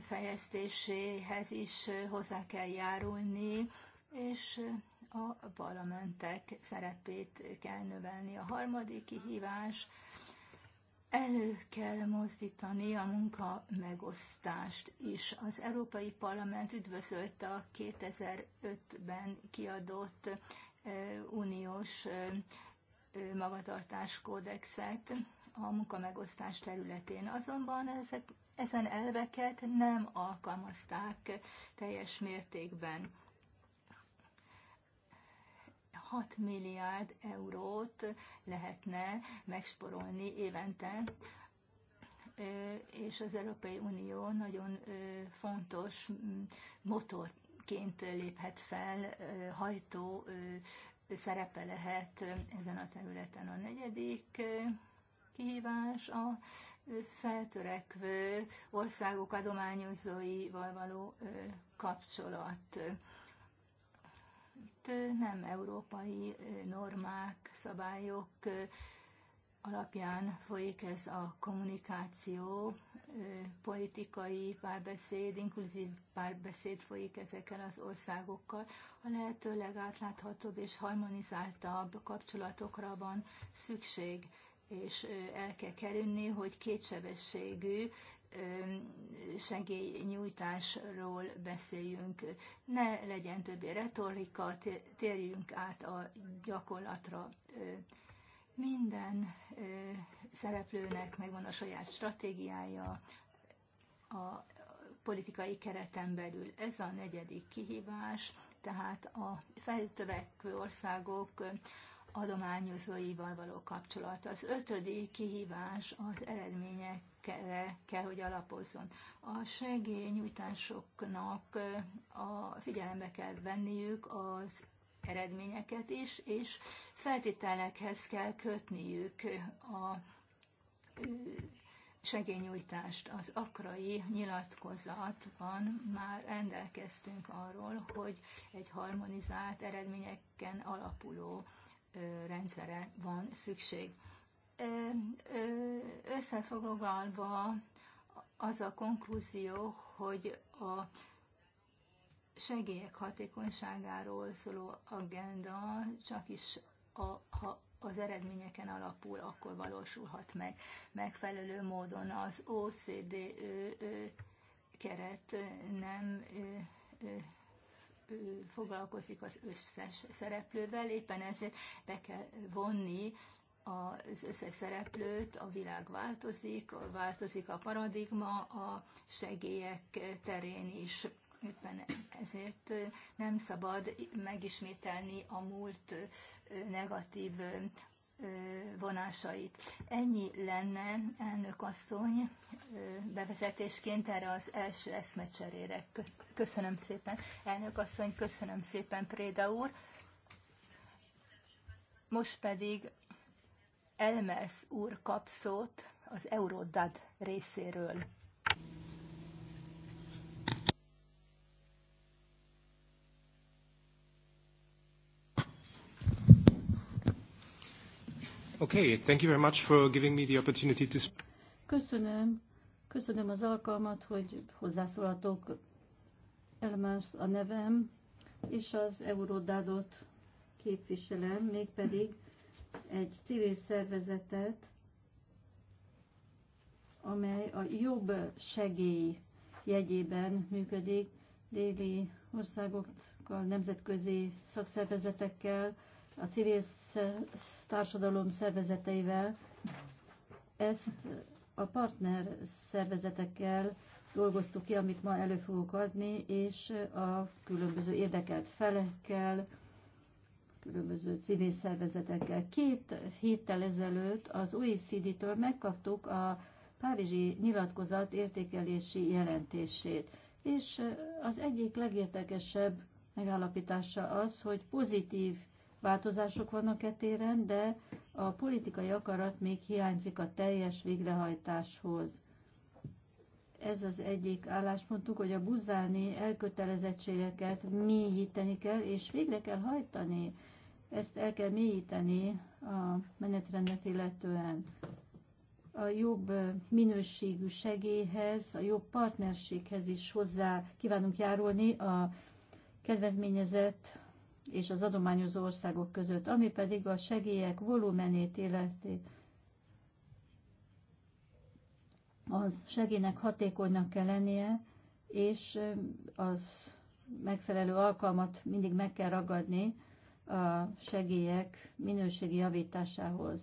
fejlesztéséhez is hozzá kell járulni, és a parlamentek szerepét kell növelni. A harmadik kihívás elő kell mozdítani a munka megosztást is. Az Európai Parlament üdvözölte a 2005-ben kiadott eh, uniós eh, eh, magatartás kódexet a munkamegosztás területén. Azonban ezek, ezen elveket nem alkalmazták teljes mértékben. 6 milliárd eurót lehetne megsporolni évente, és az Európai Unió nagyon fontos motorként léphet fel, hajtó szerepe lehet ezen a területen. A negyedik kihívás a feltörekvő országok adományozóival való kapcsolat. Hát, nem európai normák, szabályok alapján folyik ez a kommunikáció, politikai párbeszéd, inkluzív párbeszéd folyik ezekkel az országokkal. A lehető legátláthatóbb és harmonizáltabb kapcsolatokra van szükség, és el kell kerülni, hogy kétsebességű segélynyújtásról beszéljünk, ne legyen többé retorika, térjünk át a gyakorlatra. Minden szereplőnek megvan a saját stratégiája a politikai kereten belül. Ez a negyedik kihívás, tehát a feltövekvő országok adományozóival való kapcsolat. Az ötödik kihívás az eredmények kell, hogy alapozzon. A segélynyújtásoknak a figyelembe kell venniük az eredményeket is, és feltételekhez kell kötniük a segényújtást Az akrai nyilatkozatban már rendelkeztünk arról, hogy egy harmonizált eredményeken alapuló rendszere van szükség összefoglalva az a konklúzió, hogy a segélyek hatékonyságáról szóló agenda csak is a, ha az eredményeken alapul, akkor valósulhat meg megfelelő módon. Az OCD ő, ő, keret nem ő, ő, foglalkozik az összes szereplővel, éppen ezért be kell vonni az összes szereplőt, a világ változik, változik a paradigma a segélyek terén is. Éppen ezért nem szabad megismételni a múlt negatív vonásait. Ennyi lenne, elnök asszony, bevezetésként erre az első eszmecserére. Köszönöm szépen. Elnök asszony, köszönöm szépen, Préda úr. Most pedig Elmelsz úr kap szót az Eurodad részéről. Okay, thank you very much for giving me the opportunity to Köszönöm. Köszönöm az alkalmat, hogy hozzászólhatok. Elmás a nevem, és az Eurodádot képviselem, mégpedig egy civil szervezetet, amely a jobb segély jegyében működik, déli országokkal, nemzetközi szakszervezetekkel, a civil társadalom szervezeteivel. Ezt a partner szervezetekkel dolgoztuk ki, amit ma elő fogok adni, és a különböző érdekelt felekkel, különböző civil szervezetekkel. Két héttel ezelőtt az OECD-től megkaptuk a Párizsi nyilatkozat értékelési jelentését, és az egyik legértekesebb megállapítása az, hogy pozitív változások vannak e téren, de a politikai akarat még hiányzik a teljes végrehajtáshoz. Ez az egyik álláspontunk, hogy a buzáni elkötelezettségeket mélyíteni kell, és végre kell hajtani. Ezt el kell mélyíteni a menetrendet illetően. A jobb minőségű segélyhez, a jobb partnerséghez is hozzá kívánunk járulni a kedvezményezett és az adományozó országok között, ami pedig a segélyek volumenét illeti. A segélynek hatékonynak kell lennie, és az megfelelő alkalmat mindig meg kell ragadni, a segélyek minőségi javításához.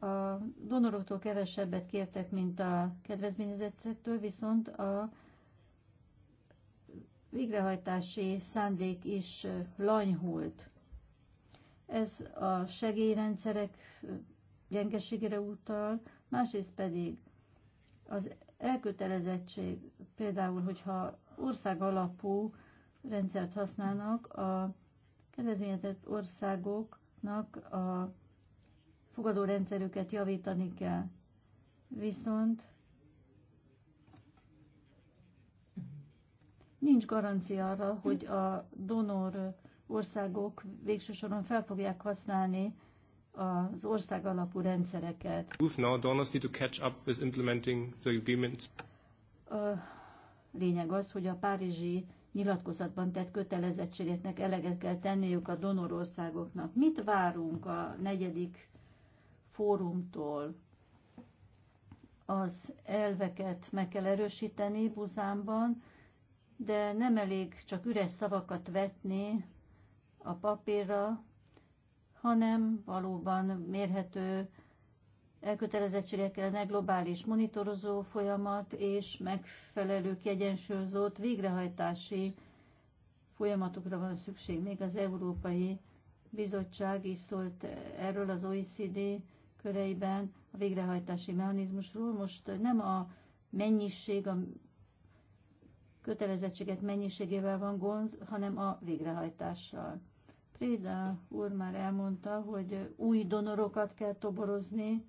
A donoroktól kevesebbet kértek, mint a kedvezményezettektől, viszont a végrehajtási szándék is lanyhult. Ez a segélyrendszerek gyengeségére utal, másrészt pedig az elkötelezettség, például, hogyha ország alapú rendszert használnak a kedvezményezett országoknak a fogadó rendszerüket javítani kell. Viszont nincs garancia arra, hogy a donor országok végső soron fel fogják használni az ország alapú rendszereket. implementing the agreements. A lényeg az, hogy a párizsi nyilatkozatban tett kötelezettségeknek eleget kell tenniük a donorországoknak. Mit várunk a negyedik fórumtól? Az elveket meg kell erősíteni Buzánban, de nem elég csak üres szavakat vetni a papírra, hanem valóban mérhető elkötelezettségekkel kellene globális monitorozó folyamat és megfelelő kiegyensúlyozott végrehajtási folyamatokra van szükség. Még az Európai Bizottság is szólt erről az OECD köreiben a végrehajtási mechanizmusról. Most nem a mennyiség, a kötelezettséget mennyiségével van gond, hanem a végrehajtással. Préda úr már elmondta, hogy új donorokat kell toborozni,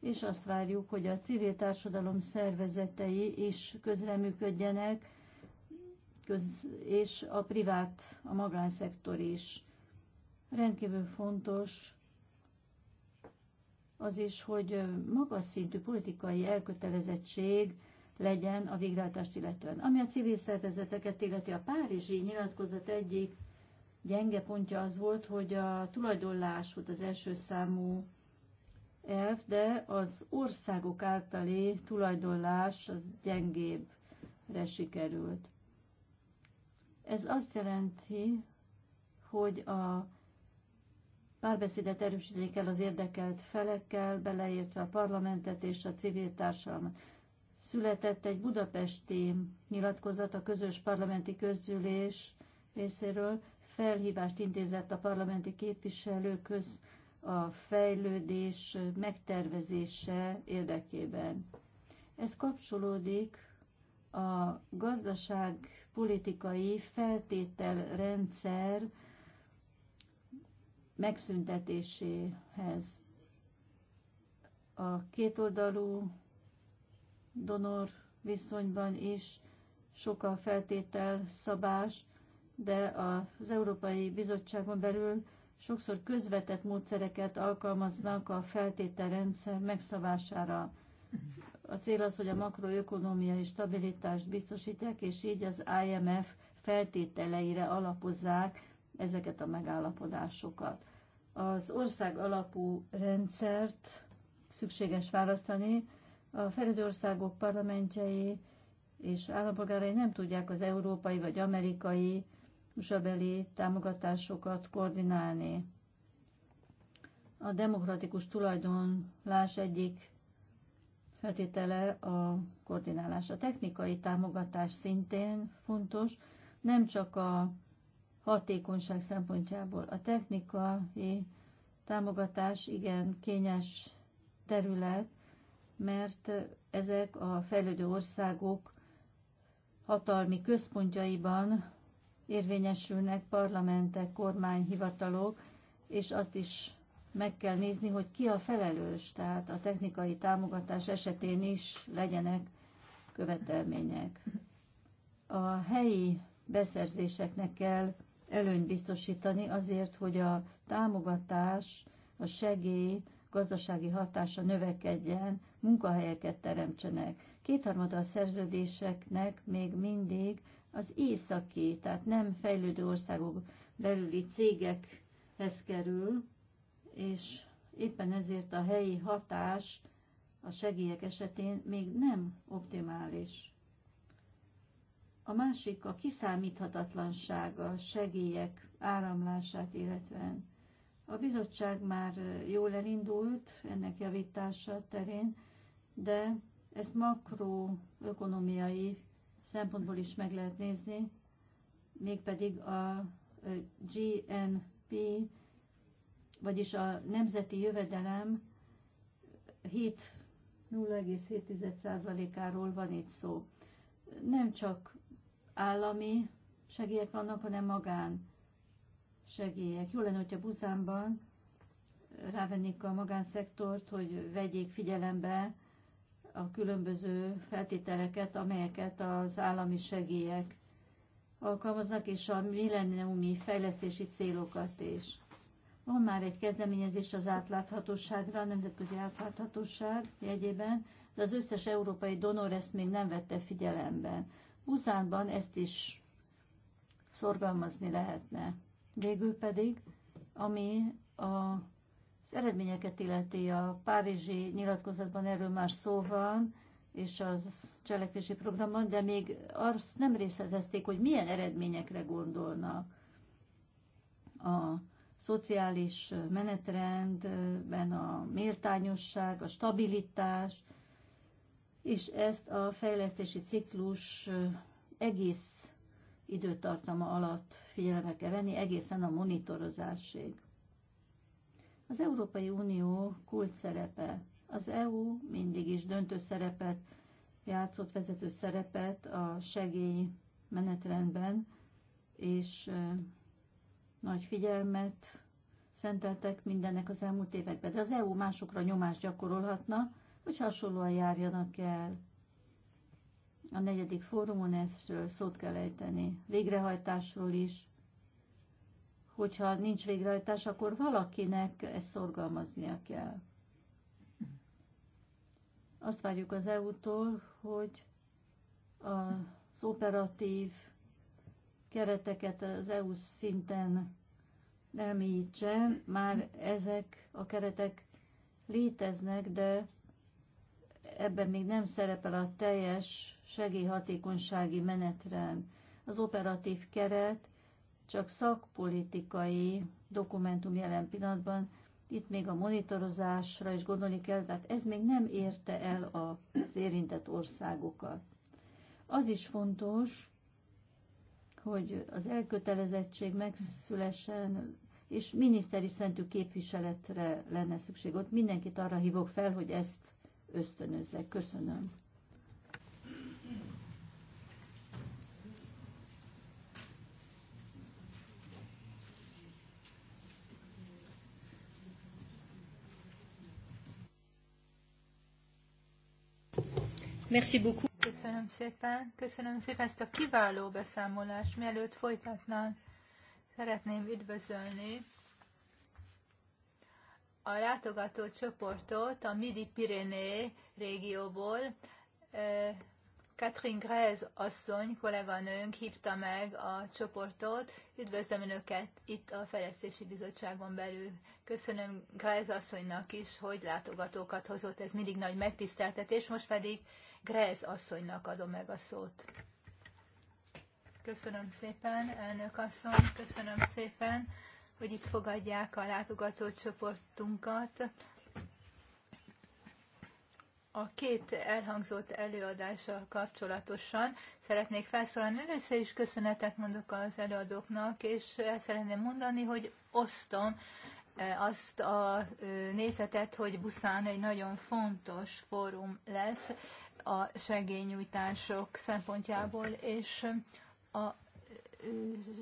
és azt várjuk, hogy a civil társadalom szervezetei is közreműködjenek, köz, és a privát, a magánszektor is. Rendkívül fontos az is, hogy magas szintű politikai elkötelezettség legyen a végrehajtást illetően. Ami a civil szervezeteket illeti, a Párizsi nyilatkozat egyik gyenge pontja az volt, hogy a tulajdonlás volt az első számú elv, de az országok általi tulajdonlás az gyengébbre sikerült. Ez azt jelenti, hogy a párbeszédet erősíteni el az érdekelt felekkel, beleértve a parlamentet és a civil társadalmat. Született egy budapesti nyilatkozat a közös parlamenti közgyűlés részéről, felhívást intézett a parlamenti képviselők köz a fejlődés megtervezése érdekében. Ez kapcsolódik a gazdaságpolitikai feltételrendszer megszüntetéséhez. A kétoldalú donor viszonyban is sok a feltétel szabás, de az Európai Bizottságon belül sokszor közvetett módszereket alkalmaznak a feltételrendszer megszavására. A cél az, hogy a makroökonomiai stabilitást biztosítják, és így az IMF feltételeire alapozzák ezeket a megállapodásokat. Az ország alapú rendszert szükséges választani. A fejlődő országok parlamentjei és állampolgárai nem tudják az európai vagy amerikai zsebeli támogatásokat koordinálni. A demokratikus tulajdonlás egyik feltétele a koordinálás. A technikai támogatás szintén fontos, nem csak a hatékonyság szempontjából. A technikai támogatás igen kényes terület, mert ezek a fejlődő országok hatalmi központjaiban érvényesülnek parlamentek, kormányhivatalok, és azt is meg kell nézni, hogy ki a felelős, tehát a technikai támogatás esetén is legyenek követelmények. A helyi beszerzéseknek kell előnyt biztosítani azért, hogy a támogatás, a segély gazdasági hatása növekedjen, munkahelyeket teremtsenek. Kétharmada a szerződéseknek még mindig az északi, tehát nem fejlődő országok belüli cégekhez kerül, és éppen ezért a helyi hatás a segélyek esetén még nem optimális. A másik a kiszámíthatatlansága a segélyek áramlását illetően. A bizottság már jól elindult ennek javítása terén, de ezt makroökonomiai szempontból is meg lehet nézni, mégpedig a GNP, vagyis a nemzeti jövedelem 0,7%-áról van itt szó. Nem csak állami segélyek vannak, hanem magán segélyek. Jó lenne, hogyha Buzánban rávennék a magánszektort, hogy vegyék figyelembe a különböző feltételeket, amelyeket az állami segélyek alkalmaznak, és a milleniumi fejlesztési célokat is. Van már egy kezdeményezés az átláthatóságra, a nemzetközi átláthatóság jegyében, de az összes európai donor ezt még nem vette figyelembe. Buzánban ezt is szorgalmazni lehetne. Végül pedig, ami a az eredményeket illeti a Párizsi nyilatkozatban erről már szó van, és az cselekvési programban, de még azt nem részletezték, hogy milyen eredményekre gondolnak a szociális menetrendben a méltányosság, a stabilitás, és ezt a fejlesztési ciklus egész időtartama alatt figyelembe kell venni, egészen a monitorozásig. Az Európai Unió kult szerepe. Az EU mindig is döntő szerepet játszott, vezető szerepet a segély menetrendben, és nagy figyelmet szenteltek mindennek az elmúlt években. De az EU másokra nyomást gyakorolhatna, hogy hasonlóan járjanak el. A negyedik fórumon ezről szót kell ejteni. Végrehajtásról is, hogyha nincs végrehajtás, akkor valakinek ezt szorgalmaznia kell. Azt várjuk az EU-tól, hogy az operatív kereteket az EU szinten elmélyítse. Már ezek a keretek léteznek, de ebben még nem szerepel a teljes segélyhatékonysági menetrend. Az operatív keret csak szakpolitikai dokumentum jelen pillanatban. Itt még a monitorozásra is gondolni kell, tehát ez még nem érte el az érintett országokat. Az is fontos, hogy az elkötelezettség megszülessen, és miniszteri szentű képviseletre lenne szükség. Ott mindenkit arra hívok fel, hogy ezt ösztönözzek. Köszönöm. Merci beaucoup. Köszönöm szépen, köszönöm szépen ezt a kiváló beszámolást. Mielőtt folytatnánk, szeretném üdvözölni a látogató csoportot a Midi-Pirené régióból. Catherine Grez asszony, kolléganőnk hívta meg a csoportot. Üdvözlöm Önöket itt a Fejlesztési Bizottságon belül. Köszönöm Grez asszonynak is, hogy látogatókat hozott. Ez mindig nagy megtiszteltetés. Most pedig Grez asszonynak adom meg a szót. Köszönöm szépen, elnök asszony, köszönöm szépen, hogy itt fogadják a látogatócsoportunkat. A két elhangzott előadással kapcsolatosan szeretnék felszólalni. Először is köszönetet mondok az előadóknak, és el szeretném mondani, hogy osztom e, azt a e, nézetet, hogy Buszán egy nagyon fontos fórum lesz a segélynyújtások szempontjából, és a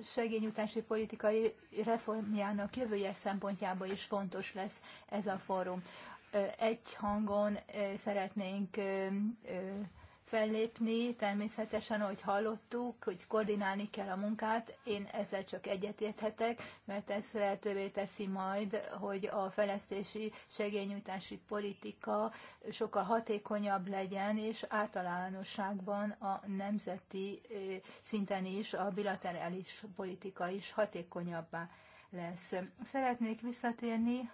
segényújtási politikai reformjának jövője szempontjából is fontos lesz ez a fórum. Egy hangon eh, szeretnénk eh, eh, fellépni, természetesen, ahogy hallottuk, hogy koordinálni kell a munkát, én ezzel csak egyetérthetek, mert ez lehetővé teszi majd, hogy a fejlesztési segélynyújtási politika sokkal hatékonyabb legyen, és általánosságban a nemzeti eh, szinten is a bilaterális politika is hatékonyabbá lesz. Szeretnék visszatérni,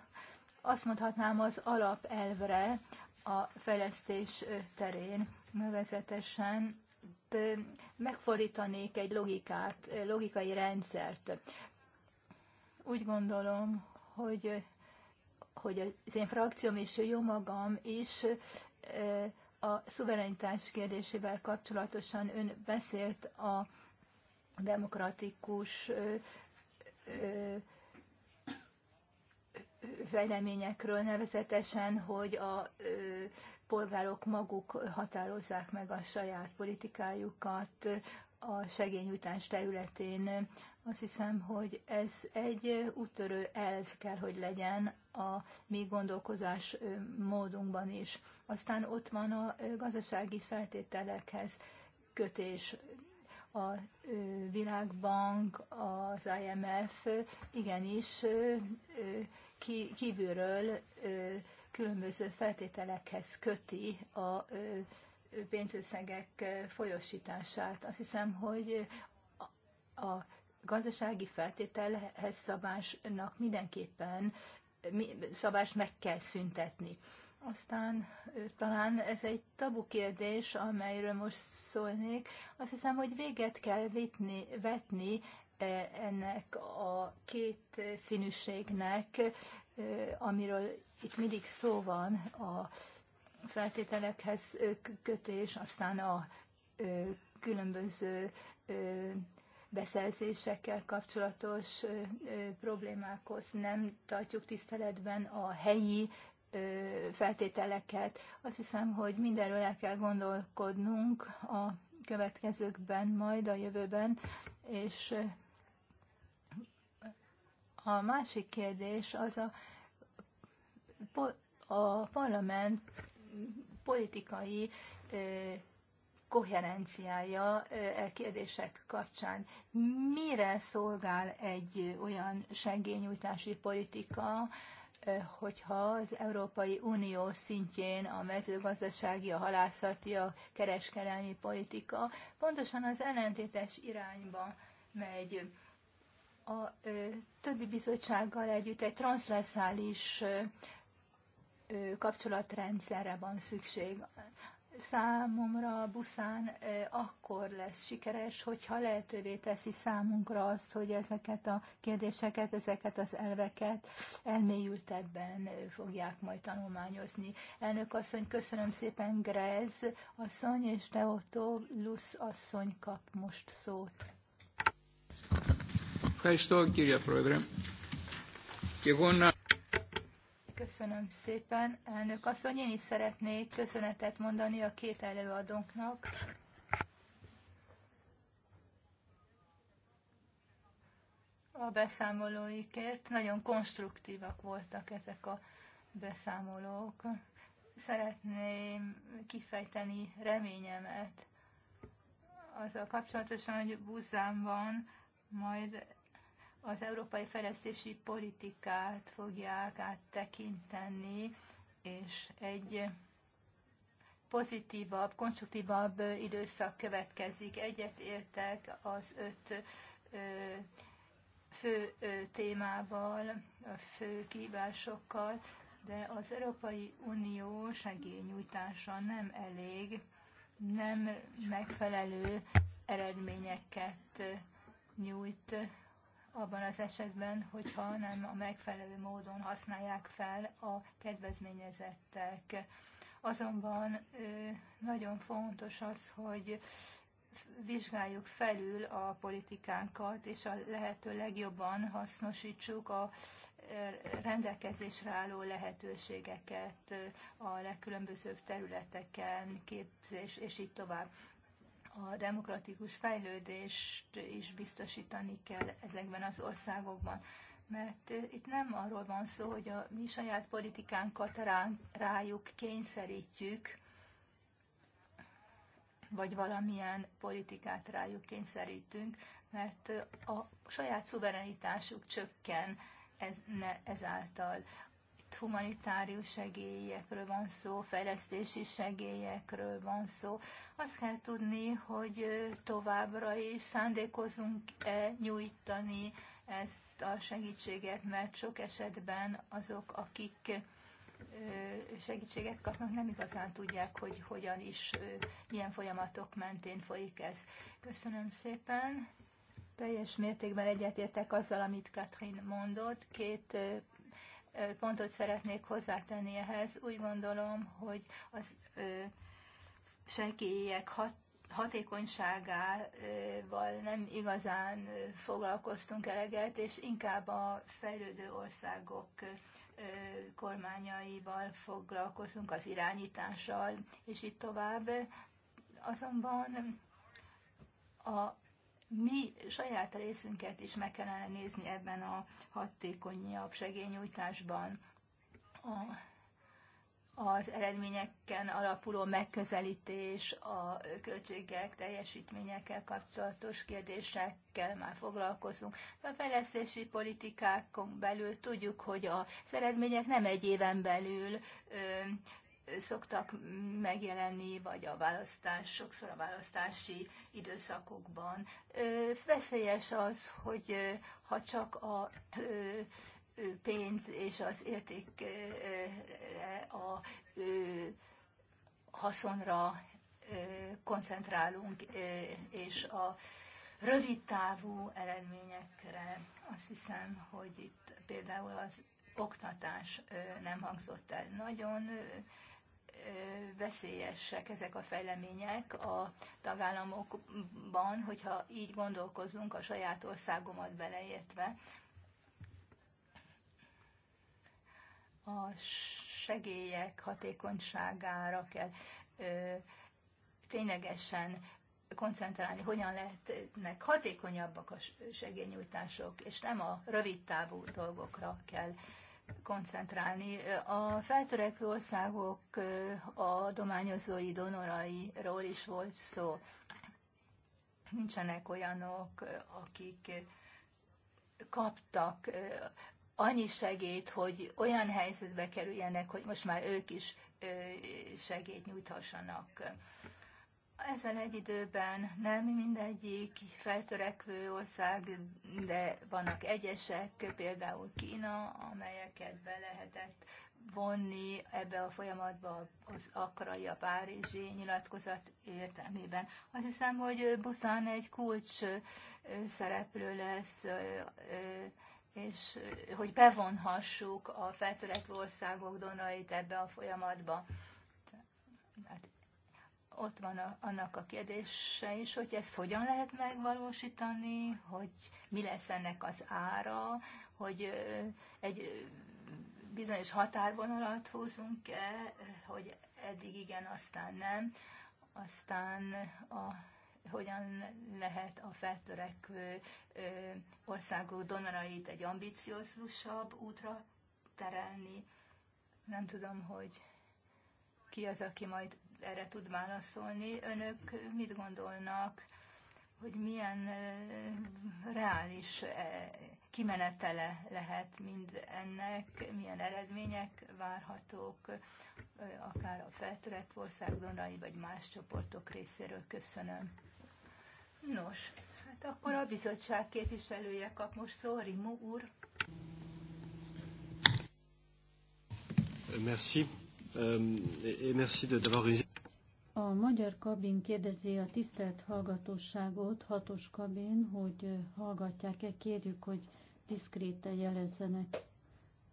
azt mondhatnám az alapelvre a fejlesztés eh, terén nevezetesen megfordítanék egy logikát, logikai rendszert. Úgy gondolom, hogy, hogy az én frakcióm és jó magam is eh, a szuverenitás kérdésével kapcsolatosan ön beszélt a demokratikus eh, eh, fejleményekről, nevezetesen, hogy a polgárok maguk határozzák meg a saját politikájukat a segényújtás területén. Azt hiszem, hogy ez egy úttörő elv kell, hogy legyen a mi gondolkozás módunkban is. Aztán ott van a gazdasági feltételekhez kötés a Világbank, az IMF igenis kívülről különböző feltételekhez köti a pénzösszegek folyosítását. Azt hiszem, hogy a gazdasági feltételhez szabásnak mindenképpen szabás meg kell szüntetni. Aztán talán ez egy tabu kérdés, amelyről most szólnék. Azt hiszem, hogy véget kell vitni, vetni e, ennek a két színűségnek, amiről itt mindig szó van, a feltételekhez kötés, aztán a különböző beszerzésekkel kapcsolatos problémákhoz nem tartjuk tiszteletben a helyi feltételeket. Azt hiszem, hogy mindenről el kell gondolkodnunk a következőkben, majd a jövőben, és a másik kérdés az a, a parlament politikai koherenciája e kérdések kapcsán. Mire szolgál egy olyan segényújtási politika, hogyha az Európai Unió szintjén a mezőgazdasági, a halászati, a kereskedelmi politika pontosan az ellentétes irányba megy a többi bizottsággal együtt egy transzleszális kapcsolatrendszerre van szükség. Számomra Buszán akkor lesz sikeres, hogyha lehetővé teszi számunkra azt, hogy ezeket a kérdéseket, ezeket az elveket elmélyültebben fogják majd tanulmányozni. Elnök asszony, köszönöm szépen Grez asszony, és Teotó Lusz asszony kap most szót. Ευχαριστώ κύριε Πρόεδρε. Και εγώ να... Köszönöm szépen, elnök asszony. Én is szeretnék köszönetet mondani a két előadónknak. A beszámolóikért nagyon konstruktívak voltak ezek a beszámolók. Szeretném kifejteni reményemet azzal kapcsolatosan, hogy van, majd az európai fejlesztési politikát fogják áttekinteni, és egy pozitívabb, konstruktívabb időszak következik. Egyet értek az öt ö, fő ö, témával, a fő kívásokkal, de az Európai Unió segélynyújtása nem elég, nem megfelelő eredményeket nyújt abban az esetben, hogyha nem a megfelelő módon használják fel a kedvezményezettek. Azonban nagyon fontos az, hogy vizsgáljuk felül a politikánkat, és a lehető legjobban hasznosítsuk a rendelkezésre álló lehetőségeket a legkülönbözőbb területeken, képzés és így tovább a demokratikus fejlődést is biztosítani kell ezekben az országokban. Mert eh, itt nem arról van szó, hogy a mi saját politikánkat rá, rájuk kényszerítjük, vagy valamilyen politikát rájuk kényszerítünk, mert eh, a saját szuverenitásuk csökken ez, ne, ezáltal humanitárius segélyekről van szó, fejlesztési segélyekről van szó. Azt kell tudni, hogy továbbra is szándékozunk-e nyújtani ezt a segítséget, mert sok esetben azok, akik segítséget kapnak, nem igazán tudják, hogy hogyan is, milyen folyamatok mentén folyik ez. Köszönöm szépen. Teljes mértékben egyetértek azzal, amit Katrin mondott. Két pontot szeretnék hozzátenni ehhez. Úgy gondolom, hogy az segélyek hat hatékonyságával nem igazán foglalkoztunk eleget, és inkább a fejlődő országok kormányaival foglalkozunk, az irányítással, és itt tovább. Azonban a mi saját részünket is meg kellene nézni ebben a hatékonyabb segélynyújtásban. A, az eredményeken alapuló megközelítés, a költségek, teljesítményekkel kapcsolatos kérdésekkel már foglalkozunk. A fejlesztési politikákon belül tudjuk, hogy az eredmények nem egy éven belül ö, szoktak megjelenni, vagy a választás, sokszor a választási időszakokban. Veszélyes az, hogy ha csak a pénz és az értékre, a haszonra koncentrálunk, és a rövid távú eredményekre. Azt hiszem, hogy itt például az oktatás nem hangzott el. Nagyon veszélyesek ezek a fejlemények a tagállamokban, hogyha így gondolkozunk a saját országomat beleértve. A segélyek hatékonyságára kell ö, ténylegesen koncentrálni, hogyan lehetnek hatékonyabbak a segélynyújtások, és nem a rövid távú dolgokra kell koncentrálni. A feltörekvő országok adományozói donorairól is volt szó. Nincsenek olyanok, akik kaptak annyi segét, hogy olyan helyzetbe kerüljenek, hogy most már ők is segét nyújthassanak. Ezen egy időben nem mindegyik feltörekvő ország, de vannak egyesek, például Kína, amelyeket be lehetett vonni ebbe a folyamatba az akrai, a párizsi nyilatkozat értelmében. Azt hiszem, hogy Buszán egy kulcs szereplő lesz, és hogy bevonhassuk a feltörekvő országok donait ebbe a folyamatba. Hát ott van a, annak a kérdése is, hogy ezt hogyan lehet megvalósítani, hogy mi lesz ennek az ára, hogy egy bizonyos határvonalat húzunk-e, hogy eddig igen, aztán nem, aztán a, hogyan lehet a feltörekvő országok donorait egy ambiciózusabb útra terelni. Nem tudom, hogy ki az, aki majd erre tud válaszolni. Önök mit gondolnak, hogy milyen reális kimenetele lehet mind ennek, milyen eredmények várhatók, akár a feltörek ország donai, vagy más csoportok részéről. Köszönöm. Nos, hát akkor a bizottság képviselője kap most szó, Rimu úr. Merci. Euh, a magyar kabin kérdezi a tisztelt hallgatóságot, hatos kabin, hogy hallgatják-e, kérjük, hogy diszkréten jelezzenek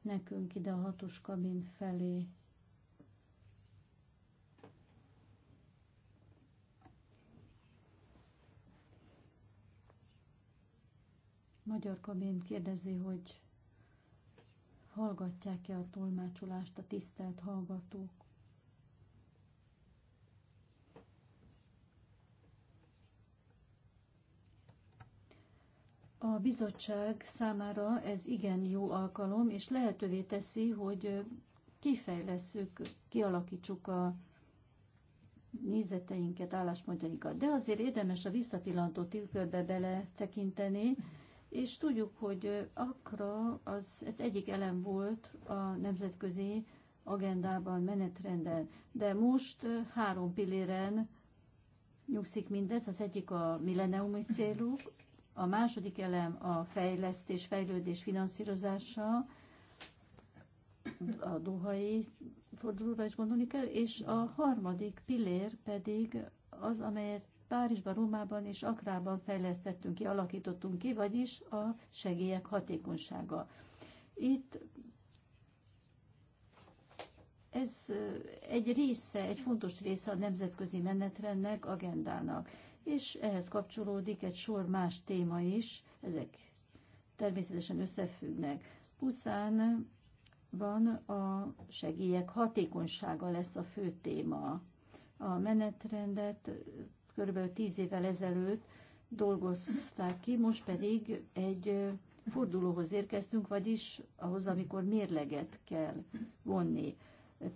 nekünk ide a hatos kabin felé. Magyar kabin kérdezi, hogy hallgatják-e a tolmácsolást a tisztelt hallgatók. A bizottság számára ez igen jó alkalom, és lehetővé teszi, hogy kifejleszük, kialakítsuk a nézeteinket, álláspontjainkat. De azért érdemes a visszapillantó tükörbe bele tekinteni, és tudjuk, hogy Akra az, az egyik elem volt a nemzetközi agendában, menetrenden, de most három pilléren nyugszik mindez, az egyik a milleniumi céluk, a második elem a fejlesztés, fejlődés finanszírozása, a dohai fordulóra is gondolni kell, és a harmadik pillér pedig az, amelyet Párizsban, Rómában és Akrában fejlesztettünk ki, alakítottunk ki, vagyis a segélyek hatékonysága. Itt ez eh, egy része, egy fontos része a nemzetközi menetrendnek, agendának, és ehhez kapcsolódik egy sor más téma is, ezek természetesen összefüggnek. van a segélyek hatékonysága lesz a fő téma. A menetrendet körülbelül tíz évvel ezelőtt dolgozták ki, most pedig egy fordulóhoz érkeztünk, vagyis ahhoz, amikor mérleget kell vonni.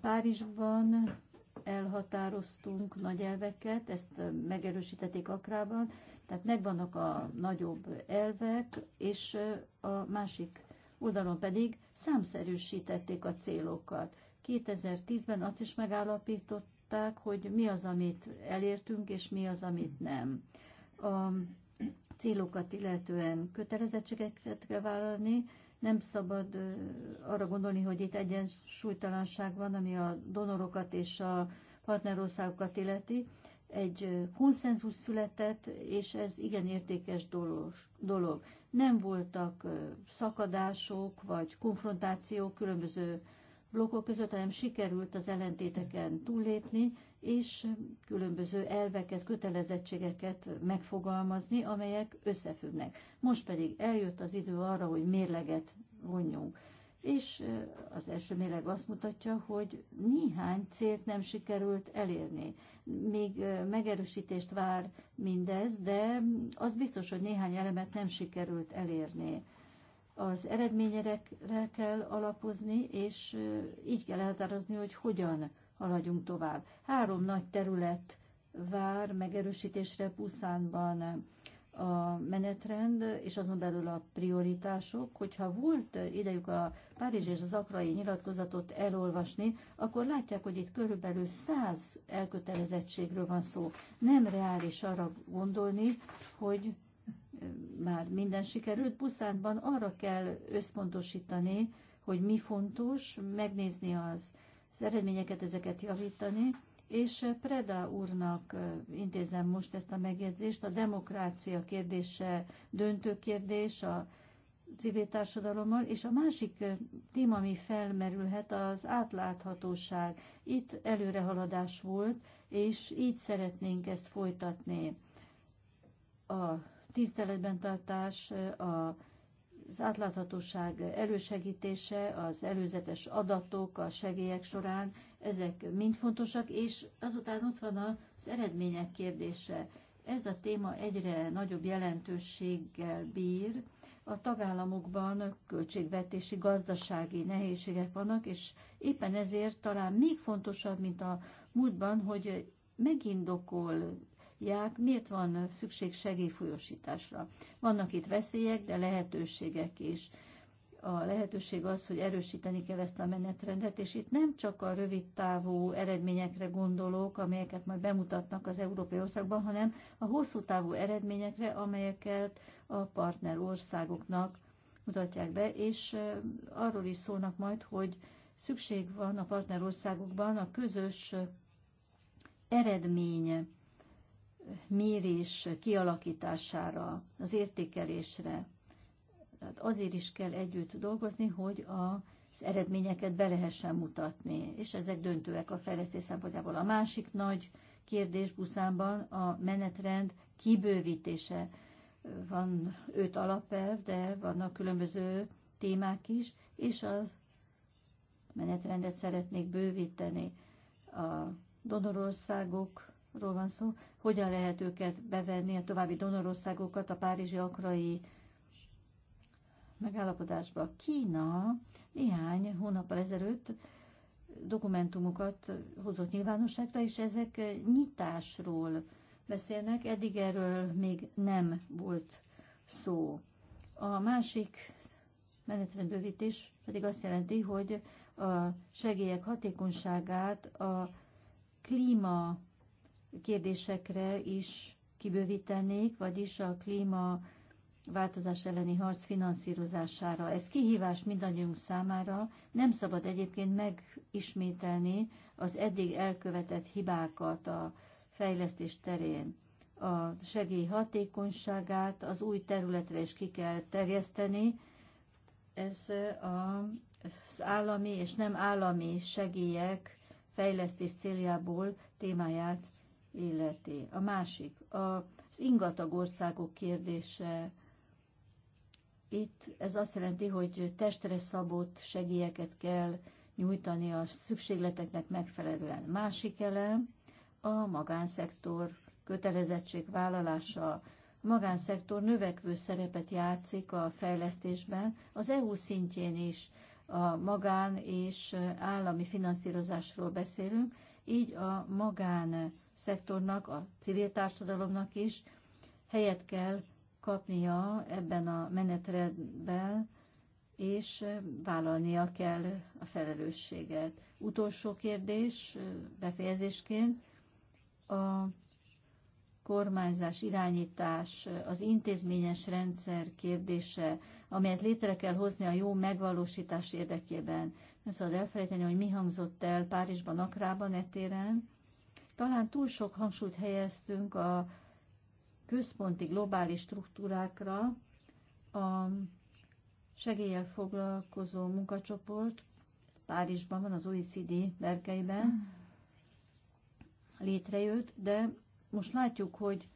Párizsban elhatároztunk nagy elveket, ezt megerősítették Akrában, tehát megvannak a nagyobb elvek, és a másik oldalon pedig számszerűsítették a célokat. 2010-ben azt is megállapított, látták, hogy mi az, amit elértünk, és mi az, amit nem. A célokat illetően kötelezettségeket kell vállalni, nem szabad arra gondolni, hogy itt egyensúlytalanság van, ami a donorokat és a partnerországokat illeti. Egy konszenzus született, és ez igen értékes dolog. Nem voltak szakadások vagy konfrontációk különböző blokkok között, hanem sikerült az ellentéteken túllépni, és különböző elveket, kötelezettségeket megfogalmazni, amelyek összefüggnek. Most pedig eljött az idő arra, hogy mérleget vonjunk. És az első mérleg azt mutatja, hogy néhány célt nem sikerült elérni. Még megerősítést vár mindez, de az biztos, hogy néhány elemet nem sikerült elérni az eredményekre kell alapozni, és így kell elhatározni, hogy hogyan haladjunk tovább. Három nagy terület vár megerősítésre Puszánban a menetrend, és azon belül a prioritások. Hogyha volt idejük a Párizs és az akrai nyilatkozatot elolvasni, akkor látják, hogy itt körülbelül száz elkötelezettségről van szó. Nem reális arra gondolni, hogy már minden sikerült. Buszánban arra kell összpontosítani, hogy mi fontos, megnézni az, az eredményeket, ezeket javítani, és Preda úrnak intézem most ezt a megjegyzést, a demokrácia kérdése döntő kérdés a civil társadalommal, és a másik téma, ami felmerülhet, az átláthatóság. Itt előrehaladás volt, és így szeretnénk ezt folytatni. A tiszteletben tartás, az átláthatóság elősegítése, az előzetes adatok a segélyek során, ezek mind fontosak, és azután ott van az eredmények kérdése. Ez a téma egyre nagyobb jelentőséggel bír. A tagállamokban költségvetési, gazdasági nehézségek vannak, és éppen ezért talán még fontosabb, mint a múltban, hogy megindokol látják, miért van szükség segélyfolyósításra. Vannak itt veszélyek, de lehetőségek is. A lehetőség az, hogy erősíteni kell ezt a menetrendet, és itt nem csak a rövid távú eredményekre gondolok, amelyeket majd bemutatnak az európai országban, hanem a hosszú távú eredményekre, amelyeket a partner országoknak mutatják be, és arról is szólnak majd, hogy szükség van a partner országokban a közös eredmény mérés kialakítására, az értékelésre. Tehát azért is kell együtt dolgozni, hogy az eredményeket be lehessen mutatni, és ezek döntőek a fejlesztés szempontjából. A másik nagy kérdés Buszánban a menetrend kibővítése. Van öt alapelv, de vannak különböző témák is, és a menetrendet szeretnék bővíteni. A donorországok ról van szó, hogyan lehet őket bevenni a további donorországokat a Párizsi Akrai megállapodásba. Kína néhány hónappal ezelőtt dokumentumokat hozott nyilvánosságra, és ezek nyitásról beszélnek. Eddig erről még nem volt szó. A másik menetrendbővítés pedig azt jelenti, hogy a segélyek hatékonyságát a klíma kérdésekre is kibővítenék, vagyis a klíma változás elleni harc finanszírozására. Ez kihívás mindannyiunk számára. Nem szabad egyébként megismételni az eddig elkövetett hibákat a fejlesztés terén. A segély hatékonyságát az új területre is ki kell terjeszteni. Ez az állami és nem állami segélyek fejlesztés céljából témáját illeti. A másik, az ingatag országok kérdése. Itt ez azt jelenti, hogy testre szabott segélyeket kell nyújtani a szükségleteknek megfelelően. Másik elem a magánszektor vállalása A magánszektor növekvő szerepet játszik a fejlesztésben, az EU szintjén is a magán és állami finanszírozásról beszélünk, így a magán szektornak, a civil társadalomnak is helyet kell kapnia ebben a menetrendben, és vállalnia kell a felelősséget. Utolsó kérdés befejezésként. A kormányzás, irányítás, az intézményes rendszer kérdése, amelyet létre kell hozni a jó megvalósítás érdekében nem szabad elfelejteni, hogy mi hangzott el Párizsban, Akrában etéren. Talán túl sok hangsúlyt helyeztünk a központi globális struktúrákra, a segéllyel foglalkozó munkacsoport Párizsban van, az OECD berkeiben létrejött, de most látjuk, hogy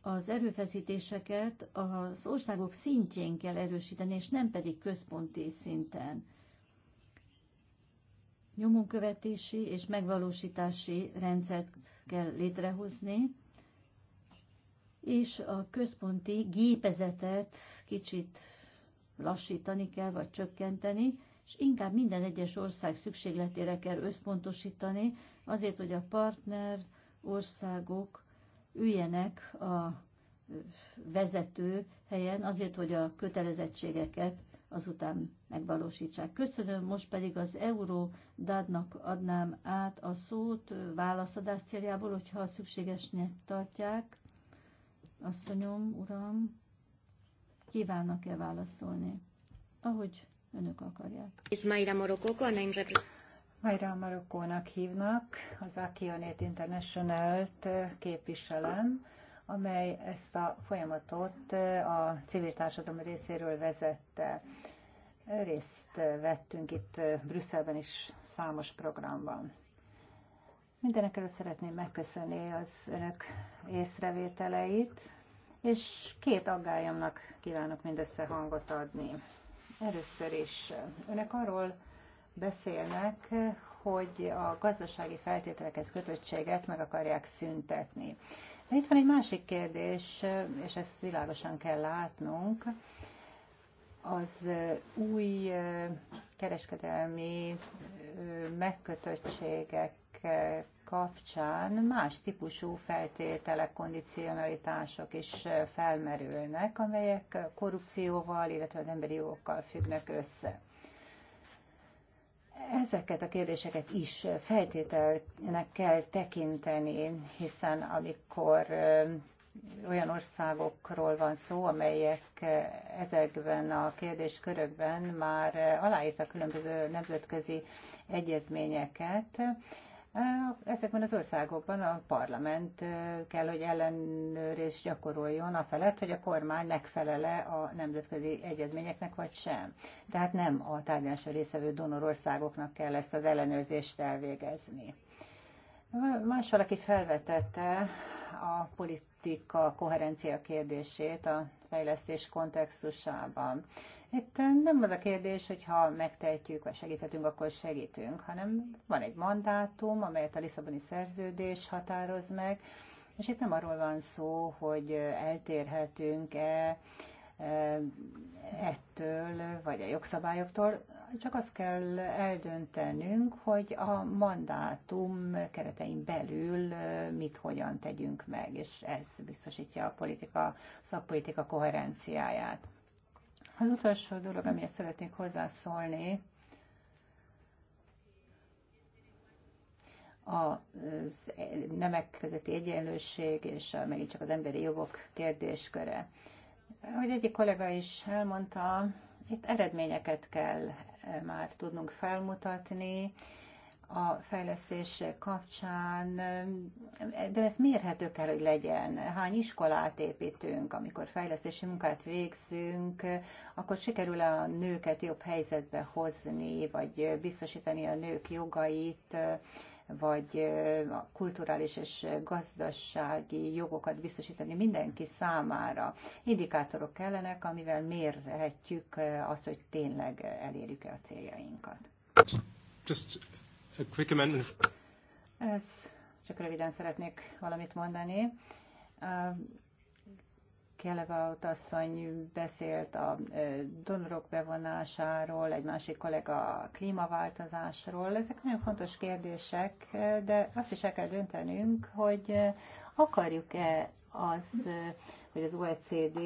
az erőfeszítéseket az országok szintjén kell erősíteni, és nem pedig központi szinten nyomonkövetési és megvalósítási rendszert kell létrehozni, és a központi gépezetet kicsit lassítani kell, vagy csökkenteni, és inkább minden egyes ország szükségletére kell összpontosítani, azért, hogy a partner országok üljenek a vezető helyen, azért, hogy a kötelezettségeket azután megvalósítsák. Köszönöm, most pedig az euró dadnak adnám át a szót válaszadás céljából, hogyha szükségesnek tartják. Asszonyom, uram, kívánnak-e válaszolni? Ahogy önök akarják. Ismaila Morokoko, nem Mayra Marokkónak hívnak, az Akionet International-t képviselem amely ezt a folyamatot a civil társadalom részéről vezette. Részt vettünk itt Brüsszelben is számos programban. Mindenek előtt szeretném megköszönni az önök észrevételeit, és két aggályomnak kívánok mindössze hangot adni. Először is önök arról beszélnek, hogy a gazdasági feltételekhez kötöttséget meg akarják szüntetni. De hát itt van egy másik kérdés, és ezt világosan kell látnunk. Az új kereskedelmi megkötöttségek kapcsán más típusú feltételek, kondicionalitások is felmerülnek, amelyek korrupcióval, illetve az emberi jogokkal függnek össze ezeket a kérdéseket is feltételnek kell tekinteni, hiszen amikor olyan országokról van szó, amelyek ezekben a kérdéskörökben már aláírtak különböző nemzetközi egyezményeket, ezekben az országokban a parlament kell, hogy ellenőrzést gyakoroljon a felett, hogy a kormány megfelele a nemzetközi egyezményeknek, vagy sem. Tehát nem a tárgyalásra részvevő donorországoknak kell ezt az ellenőrzést elvégezni. Más valaki felvetette a polit politika koherencia kérdését a fejlesztés kontextusában. Itt nem az a kérdés, hogy ha megtehetjük, vagy segíthetünk, akkor segítünk, hanem van egy mandátum, amelyet a Lisszaboni szerződés határoz meg, és itt nem arról van szó, hogy eltérhetünk-e ettől, vagy a jogszabályoktól, csak azt kell eldöntenünk, hogy a mandátum keretein belül mit hogyan tegyünk meg, és ez biztosítja a politika, szakpolitika koherenciáját. Az utolsó dolog, amihez szeretnék hozzászólni, a nemek közötti egyenlőség és megint csak az emberi jogok kérdésköre. Ahogy egyik kollega is elmondta, itt eredményeket kell eh, már tudnunk felmutatni a fejlesztés kapcsán, eh, de ez mérhető kell, hogy legyen. Hány iskolát építünk, amikor fejlesztési munkát végzünk, akkor sikerül a nőket jobb helyzetbe hozni, vagy biztosítani a nők jogait, eh, vagy a kulturális és gazdasági jogokat biztosítani mindenki számára. Indikátorok kellenek, amivel mérhetjük azt, hogy tényleg elérjük-e a céljainkat. Just a quick amendment. Ez csak röviden szeretnék valamit mondani. Kelevaut asszony beszélt a donorok bevonásáról, egy másik kollega a klímaváltozásról. Ezek nagyon fontos kérdések, de azt is el kell döntenünk, hogy akarjuk-e az, hogy az OECD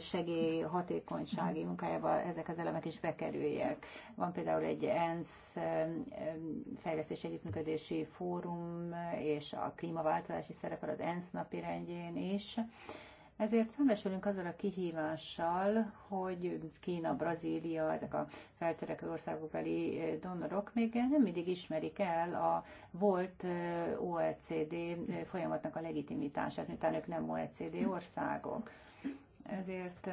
segély hatékonysági munkájába ezek az elemek is bekerüljek. Van például egy ENSZ fejlesztés együttműködési fórum, és a klímaváltozási szerepel az ENSZ napirendjén is. Ezért szembesülünk azzal a kihívással, hogy Kína, Brazília, ezek a feltörekvő országokbeli donorok még nem mindig ismerik el a volt OECD folyamatnak a legitimitását, miután ők nem OECD országok. Ezért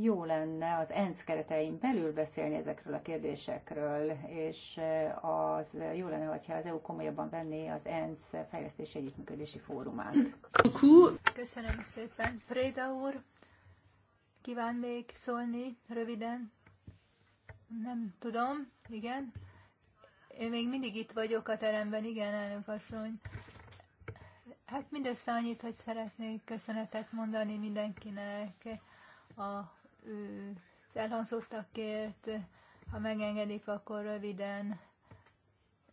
jó lenne az ENSZ keretein belül beszélni ezekről a kérdésekről, és eh, az jó lenne, hogyha az EU komolyabban venné az ENSZ fejlesztési együttműködési fórumát. Köszönöm szépen. Préda úr, kíván még szólni röviden? Nem tudom, igen. Én még mindig itt vagyok a teremben, igen, elnök asszony. Hát mindössze annyit, hogy szeretnék köszönetet mondani mindenkinek, a elhangzottakért. Ha megengedik, akkor röviden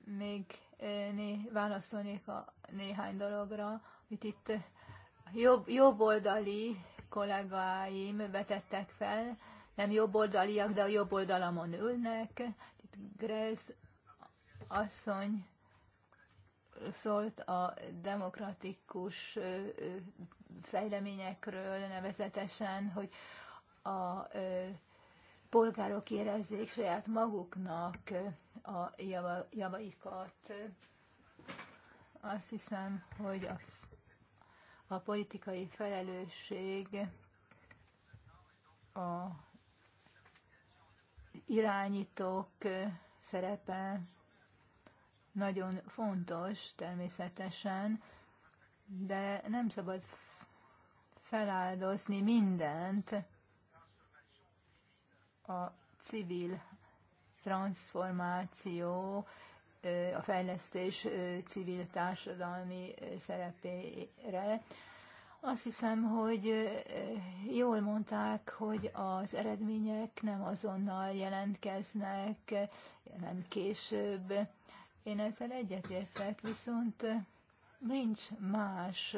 még né, válaszolnék a néhány dologra, amit itt jobb, jobboldali kollégáim vetettek fel. Nem jobboldaliak, de a jobb oldalamon ülnek. Itt Grez asszony szólt a demokratikus fejleményekről, nevezetesen, hogy a polgárok érezzék saját maguknak a javaikat. Azt hiszem, hogy a, a politikai felelősség a irányítók szerepe nagyon fontos természetesen, de nem szabad feláldozni mindent a civil transformáció, a fejlesztés civil társadalmi szerepére. Azt hiszem, hogy jól mondták, hogy az eredmények nem azonnal jelentkeznek, nem később, én ezzel egyetértek, viszont nincs más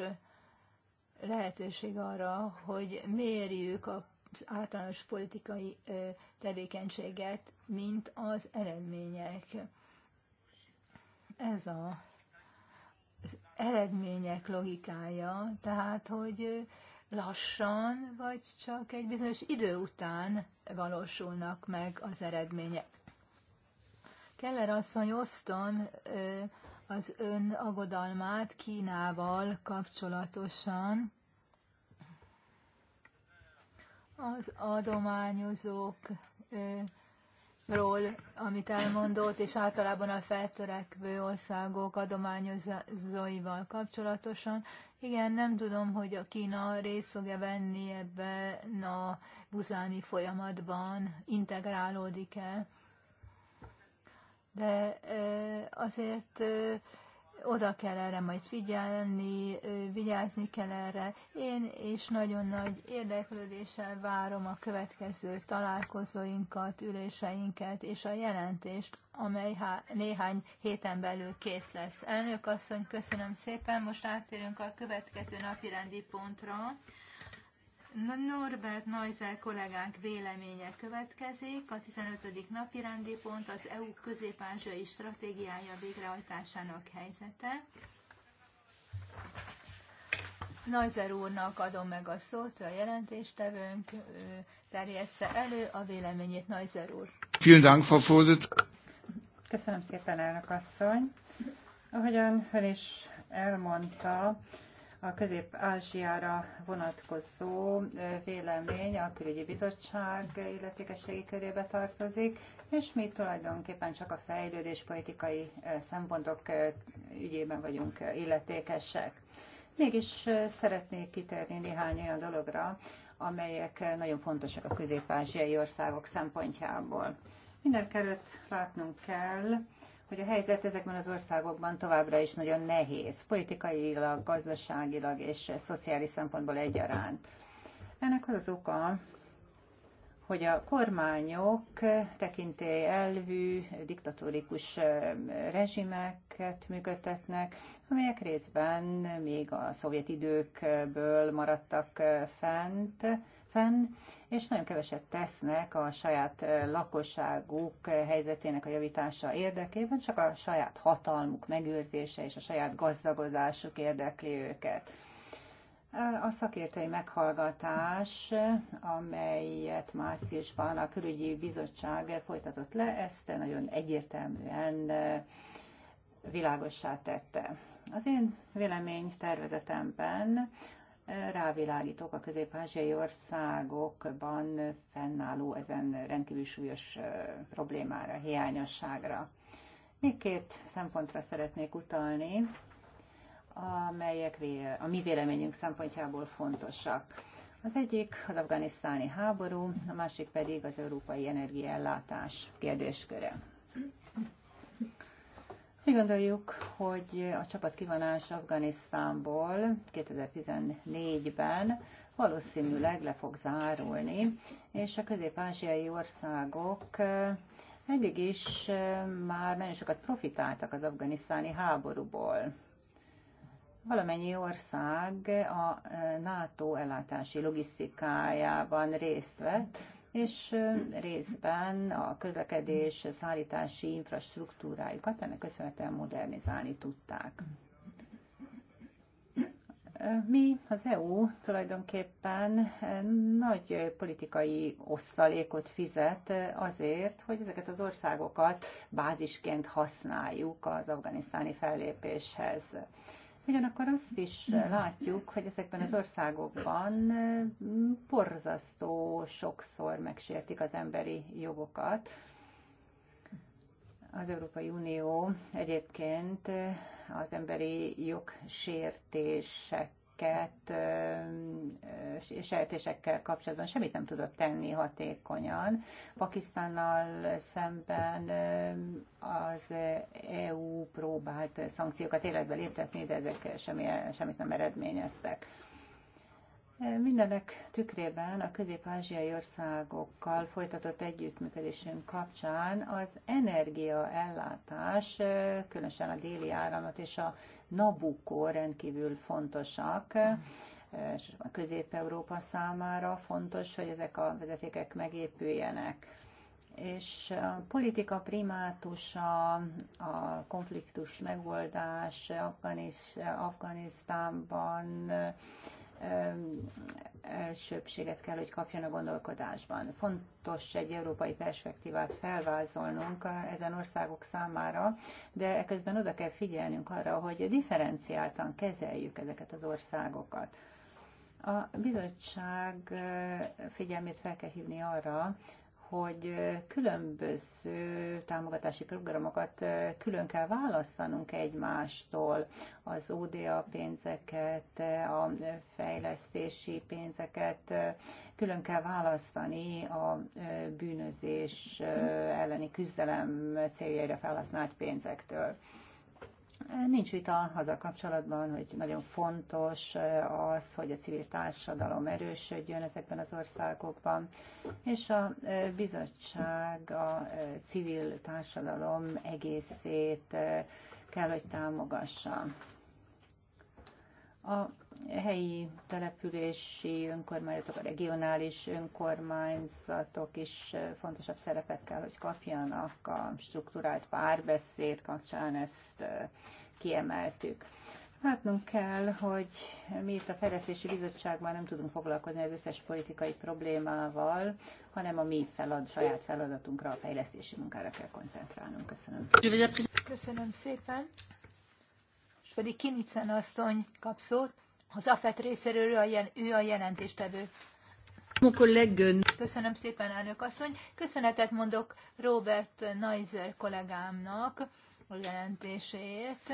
lehetőség arra, hogy mérjük az általános politikai tevékenységet, mint az eredmények. Ez a, az eredmények logikája, tehát hogy lassan, vagy csak egy bizonyos idő után valósulnak meg az eredmények. Keller asszony, osztom az ön aggodalmát Kínával kapcsolatosan. Az adományozókról, amit elmondott, és általában a feltörekvő országok adományozóival kapcsolatosan. Igen, nem tudom, hogy a Kína részt fog-e venni ebben a buzáni folyamatban, integrálódik-e de azért oda kell erre majd figyelni, vigyázni kell erre. Én is nagyon nagy érdeklődéssel várom a következő találkozóinkat, üléseinket és a jelentést, amely há- néhány héten belül kész lesz. Elnök asszony, köszönöm szépen, most átérünk a következő napi rendi pontra. Norbert Neuser kollégánk véleménye következik. A 15. napi rendi pont az EU közép-ázsiai stratégiája végrehajtásának helyzete. Neuser úrnak adom meg a szót, a jelentéstevőnk terjessze elő a véleményét. Neuser úr. Vielen Dank, Frau Vorsitz. Köszönöm szépen, elnök asszony. Ahogyan ön is elmondta, a Közép-Ázsiára vonatkozó vélemény a külügyi bizottság illetékességi körébe tartozik, és mi tulajdonképpen csak a fejlődés politikai szempontok ügyében vagyunk illetékesek. Mégis szeretnék kitérni néhány olyan dologra, amelyek nagyon fontosak a közép-ázsiai országok szempontjából. Mindenek látnunk kell, hogy a helyzet ezekben az országokban továbbra is nagyon nehéz, politikailag, gazdaságilag és szociális szempontból egyaránt. Ennek az az oka, hogy a kormányok tekintély elvű, diktatórikus rezsimeket működtetnek, amelyek részben még a szovjet időkből maradtak fent, fenn, és nagyon keveset tesznek a saját lakosságuk helyzetének a javítása érdekében, csak a saját hatalmuk megőrzése és a saját gazdagodásuk érdekli őket. A szakértői meghallgatás, amelyet márciusban a külügyi bizottság folytatott le, ezt nagyon egyértelműen világossá tette. Az én vélemény tervezetemben rávilágítok a közép-ázsiai országokban fennálló ezen rendkívül súlyos problémára, hiányosságra. Még két szempontra szeretnék utalni, amelyek a mi véleményünk szempontjából fontosak. Az egyik az afganisztáni háború, a másik pedig az európai energiaellátás kérdésköre. Mi gondoljuk, hogy a csapat kivonás Afganisztánból 2014-ben valószínűleg le fog zárulni, és a közép-ázsiai országok eh, eddig is eh, már nagyon sokat profitáltak az afganisztáni háborúból. Valamennyi ország a eh, NATO ellátási logisztikájában részt vett, és részben a közlekedés szállítási infrastruktúrájukat ennek köszönhetően modernizálni tudták. Mi, az EU tulajdonképpen nagy politikai osztalékot fizet azért, hogy ezeket az országokat bázisként használjuk az afganisztáni fellépéshez. Ugyanakkor azt is látjuk, hogy ezekben az országokban porzasztó mm, sokszor megsértik az emberi jogokat. Az Európai Unió egyébként az emberi jogsértések ügyeket, sejtésekkel kapcsolatban semmit nem tudott tenni hatékonyan. Pakisztánnal szemben az EU próbált szankciókat életbe léptetni, de ezek semmilyen, semmit nem eredményeztek. Mindenek tükrében a közép-ázsiai országokkal folytatott együttműködésünk kapcsán az energiaellátás, eh, különösen a déli áramlat és a Nabucco rendkívül fontosak, eh, és a Közép-Európa számára fontos, hogy ezek a vezetékek megépüljenek. És a politika primátusa, a konfliktus megoldás Afganisztánban, eh, elsőbséget kell, hogy kapjon a gondolkodásban. Fontos egy európai perspektívát felvázolnunk ezen országok számára, de ekközben oda kell figyelnünk arra, hogy differenciáltan kezeljük ezeket az országokat. A bizottság figyelmét fel kell hívni arra, hogy különböző támogatási programokat külön kell választanunk egymástól, az ODA pénzeket, a fejlesztési pénzeket külön kell választani a bűnözés elleni küzdelem céljaira felhasznált pénzektől. Nincs vita azzal kapcsolatban, hogy nagyon fontos eh, az, hogy a civil társadalom erősödjön ezekben az országokban, és a eh, bizottság a eh, civil társadalom egészét kell, hogy támogassa. A helyi települési önkormányzatok, a regionális önkormányzatok is fontosabb szerepet kell, hogy kapjanak a struktúrált párbeszéd kapcsán, ezt kiemeltük. Látnunk kell, hogy mi itt a Fejlesztési Bizottságban nem tudunk foglalkozni az összes politikai problémával, hanem a mi felad, saját feladatunkra, a fejlesztési munkára kell koncentrálnunk. Köszönöm. Köszönöm szépen. És pedig Kinicen asszony kap szót. Az AFET részéről ő a, jel, ő a jelentéstevő. Köszönöm szépen, elnök asszony. Köszönetet mondok Robert Neiser kollégámnak a jelentéséért.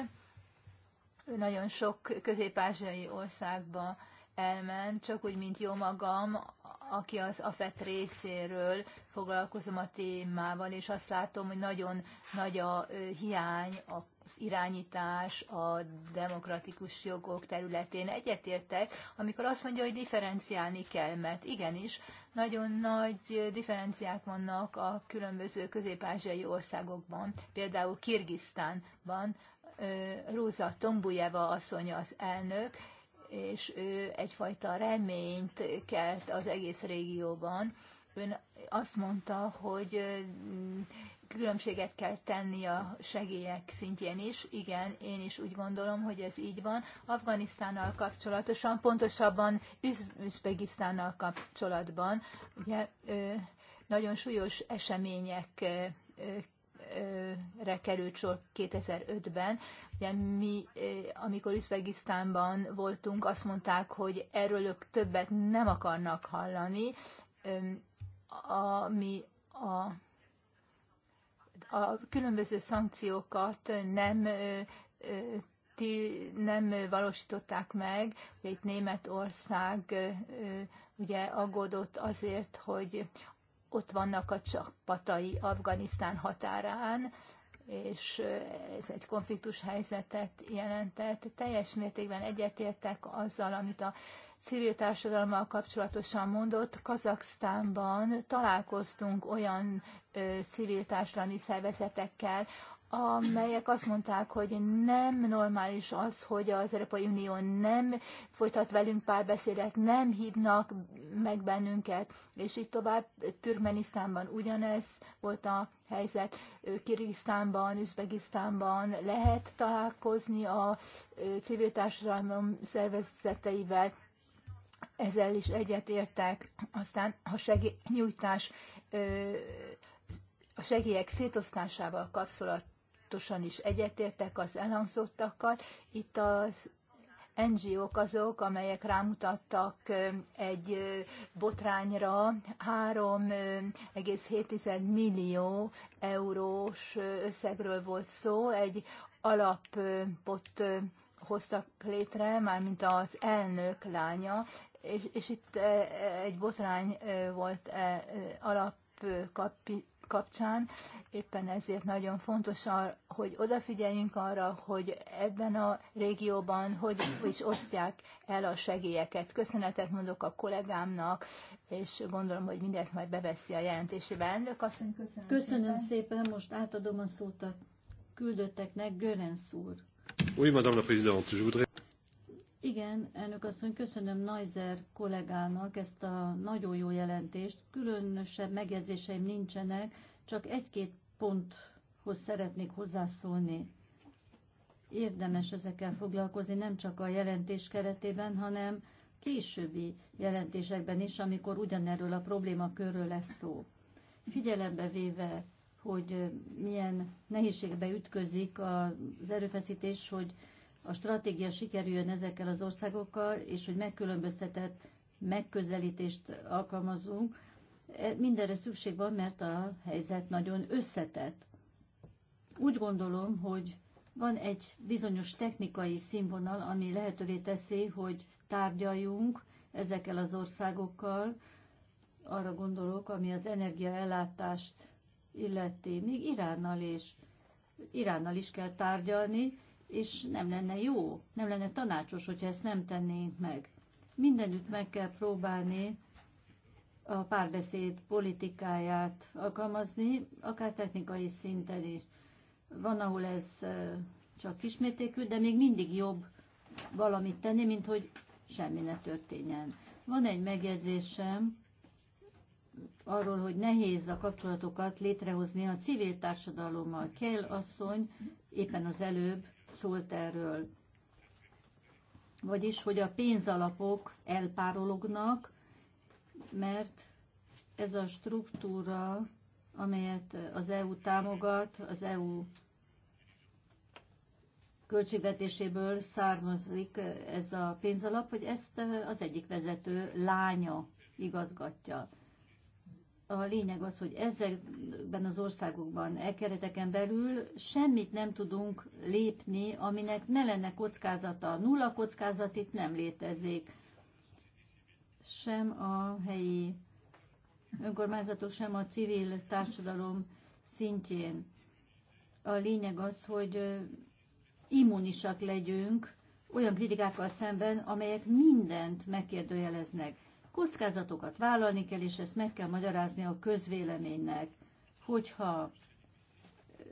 Ő nagyon sok közép-ázsiai országban elment, csak úgy, mint jó magam, aki az AFET részéről foglalkozom a témával, és azt látom, hogy nagyon nagy a hiány, az irányítás a demokratikus jogok területén. Egyetértek, amikor azt mondja, hogy differenciálni kell, mert igenis, nagyon nagy differenciák vannak a különböző közép-ázsiai országokban, például Kirgisztánban, Róza Tombujeva asszony az elnök, és ő egyfajta reményt kelt az egész régióban. Ön azt mondta, hogy különbséget kell tenni a segélyek szintjén is. Igen, én is úgy gondolom, hogy ez így van. Afganisztánnal kapcsolatosan, pontosabban Üzbegisztánnal kapcsolatban, ugye nagyon súlyos események re került sor 2005-ben. Ugye mi, eh, amikor Üzbegisztánban voltunk, azt mondták, hogy erről ők többet nem akarnak hallani, ami a a különböző szankciókat nem nem valósították meg. Ugye itt Németország ugye aggódott azért, hogy ott vannak a csapatai Afganisztán határán, és ez egy konfliktus helyzetet jelentett. Teljes mértékben egyetértek azzal, amit a civil társadalommal kapcsolatosan mondott. Kazaksztánban találkoztunk olyan ö, civil társadalmi szervezetekkel, amelyek azt mondták, hogy nem normális az, hogy az Európai Unió nem folytat velünk párbeszédet, nem hívnak meg bennünket, és így tovább. Türkmenisztánban ugyanez volt a helyzet, Kirgisztánban, Üzbegisztánban lehet találkozni a civil társadalom szervezeteivel, ezzel is egyetértek, aztán a segélynyújtás a segélyek szétosztásával kapcsolat, pontosan is egyetértek az elhangzottakkal. Itt az NGO-k azok, amelyek rámutattak egy botrányra 3,7 millió eurós összegről volt szó, egy alapot hoztak létre, mármint az elnök lánya, és, és itt egy botrány volt alap kapcsán. Éppen ezért nagyon fontos, hogy odafigyeljünk arra, hogy ebben a régióban hogy is osztják el a segélyeket. Köszönetet mondok a kollégámnak, és gondolom, hogy mindezt majd beveszi a jelentésébe. Elnök asszony, köszönöm, köszönöm szépen. szépen. Most átadom a szót a küldötteknek, Görensz úr. Oui, madame la présidente, je voudrais... Igen, elnök asszony, köszönöm Najzer kollégának ezt a nagyon jó jelentést. Különösebb megjegyzéseim nincsenek, csak egy-két ponthoz szeretnék hozzászólni. Érdemes ezekkel foglalkozni, nem csak a jelentés keretében, hanem későbbi jelentésekben is, amikor ugyanerről a problémakörről lesz szó. Figyelembe véve, hogy milyen nehézségbe ütközik az erőfeszítés, hogy a stratégia sikerüljön ezekkel az országokkal, és hogy megkülönböztetett megközelítést alkalmazunk, e, mindenre szükség van, mert a helyzet nagyon összetett. Úgy gondolom, hogy van egy bizonyos technikai színvonal, ami lehetővé teszi, hogy tárgyaljunk ezekkel az országokkal, arra gondolok, ami az energiaellátást illeti, még Iránnal is. Iránnal is kell tárgyalni, és nem lenne jó, nem lenne tanácsos, hogyha ezt nem tennénk meg. Mindenütt meg kell próbálni a párbeszéd politikáját alkalmazni, akár technikai szinten is. Van, ahol ez csak kismértékű, de még mindig jobb valamit tenni, mint hogy semmi ne történjen. Van egy megjegyzésem arról, hogy nehéz a kapcsolatokat létrehozni a civil társadalommal. Kell asszony éppen az előbb szólt erről. Vagyis, hogy a pénzalapok elpárolognak, mert ez a struktúra, amelyet az EU támogat, az EU költségvetéséből származik ez a pénzalap, hogy ezt az egyik vezető lánya igazgatja. A lényeg az, hogy ezekben az országokban, e kereteken belül semmit nem tudunk lépni, aminek ne lenne kockázata. Nulla kockázat itt nem létezik. Sem a helyi önkormányzatok, sem a civil társadalom szintjén. A lényeg az, hogy immunisak legyünk olyan kritikákkal szemben, amelyek mindent megkérdőjeleznek kockázatokat vállalni kell, és ezt meg kell magyarázni a közvéleménynek, hogyha eh,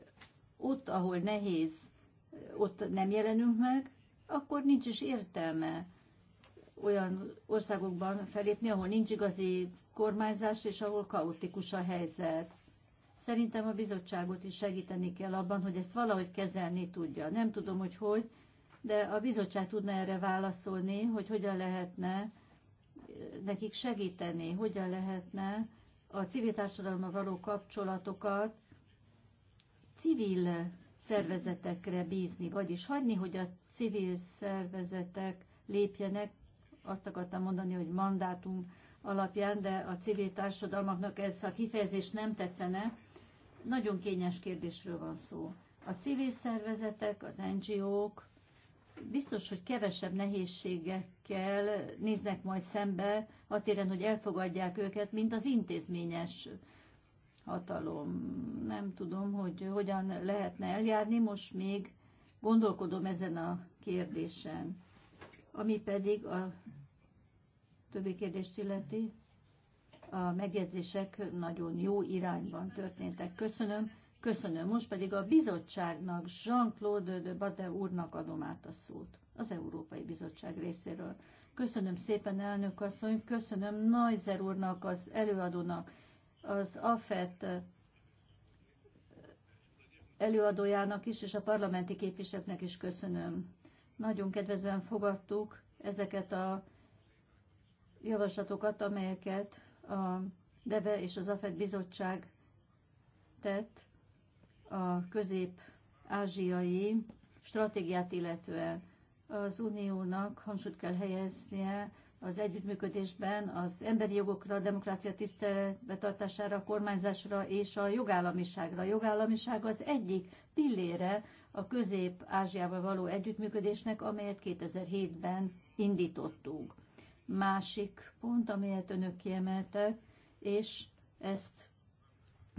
ott, ahol nehéz, eh, ott nem jelenünk meg, akkor nincs is értelme olyan országokban felépni, ahol nincs igazi kormányzás, és ahol kaotikus a helyzet. Szerintem a bizottságot is segíteni kell abban, hogy ezt valahogy kezelni tudja. Nem tudom, hogy hogy, de a bizottság tudna erre válaszolni, hogy hogyan lehetne nekik segíteni, hogyan lehetne a civil társadalma való kapcsolatokat civil szervezetekre bízni, vagyis hagyni, hogy a civil szervezetek lépjenek, azt akartam mondani, hogy mandátum alapján, de a civil társadalmaknak ez a kifejezés nem tetszene. Nagyon kényes kérdésről van szó. A civil szervezetek, az NGO-k biztos, hogy kevesebb nehézségekkel néznek majd szembe, a téren, hogy elfogadják őket, mint az intézményes hatalom. Nem tudom, hogy hogyan lehetne eljárni, most még gondolkodom ezen a kérdésen. Ami pedig a többi kérdést illeti, a megjegyzések nagyon jó irányban történtek. Köszönöm. Köszönöm. Most pedig a bizottságnak, Jean-Claude de Bade úrnak adom át a szót, az Európai Bizottság részéről. Köszönöm szépen, elnök asszony, köszönöm Neuser úrnak, az előadónak, az AFET előadójának is, és a parlamenti képviselőknek is köszönöm. Nagyon kedvezően fogadtuk ezeket a javaslatokat, amelyeket a DEVE és az AFET bizottság tett a közép-ázsiai stratégiát illetve Az uniónak hangsúlyt kell helyeznie az együttműködésben az emberi jogokra, a demokrácia tiszteletbe tartására, a kormányzásra és a jogállamiságra. A jogállamiság az egyik pillére a közép-ázsiával való együttműködésnek, amelyet 2007-ben indítottunk. Másik pont, amelyet önök kiemeltek, és ezt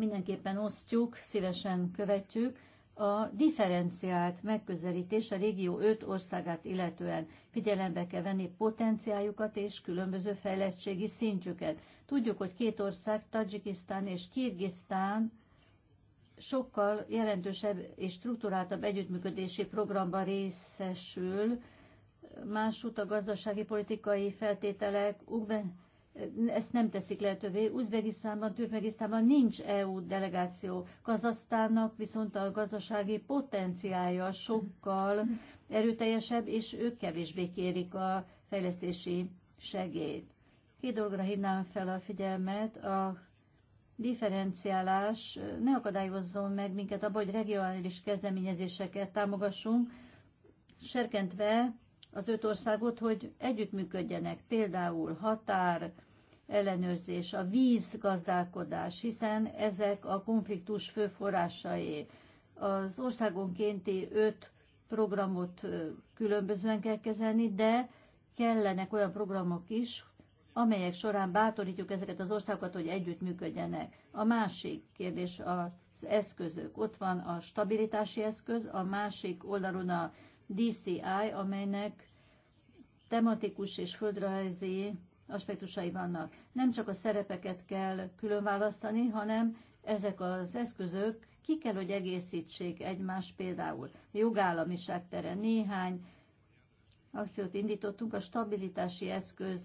mindenképpen osztjuk, szívesen követjük a differenciált megközelítés a régió öt országát illetően. Figyelembe kell venni potenciájukat és különböző fejlettségi szintjüket. Tudjuk, hogy két ország, Tajikisztán és Kirgisztán sokkal jelentősebb és strukturáltabb együttműködési programban részesül, másút a gazdasági politikai feltételek, ezt nem teszik lehetővé. Uzbekisztánban, Türkmenisztánban nincs EU delegáció. Kazasztánnak viszont a gazdasági potenciája sokkal erőteljesebb, és ők kevésbé kérik a fejlesztési segélyt. Két dologra hívnám fel a figyelmet. A differenciálás ne akadályozzon meg minket abban, hogy regionális kezdeményezéseket támogassunk, serkentve az öt országot, hogy együttműködjenek, például határ, ellenőrzés, a vízgazdálkodás, hiszen ezek a konfliktus fő forrásai. Az országonkénti öt programot különbözően kell kezelni, de kellenek olyan programok is, amelyek során bátorítjuk ezeket az országokat, hogy együttműködjenek. A másik kérdés az eszközök. Ott van a stabilitási eszköz, a másik oldalon a DCI, amelynek tematikus és földrajzi aspektusai vannak. Nem csak a szerepeket kell különválasztani, hanem ezek az eszközök ki kell, hogy egészítsék egymást például. A jogállamiság tere néhány akciót indítottunk a stabilitási eszköz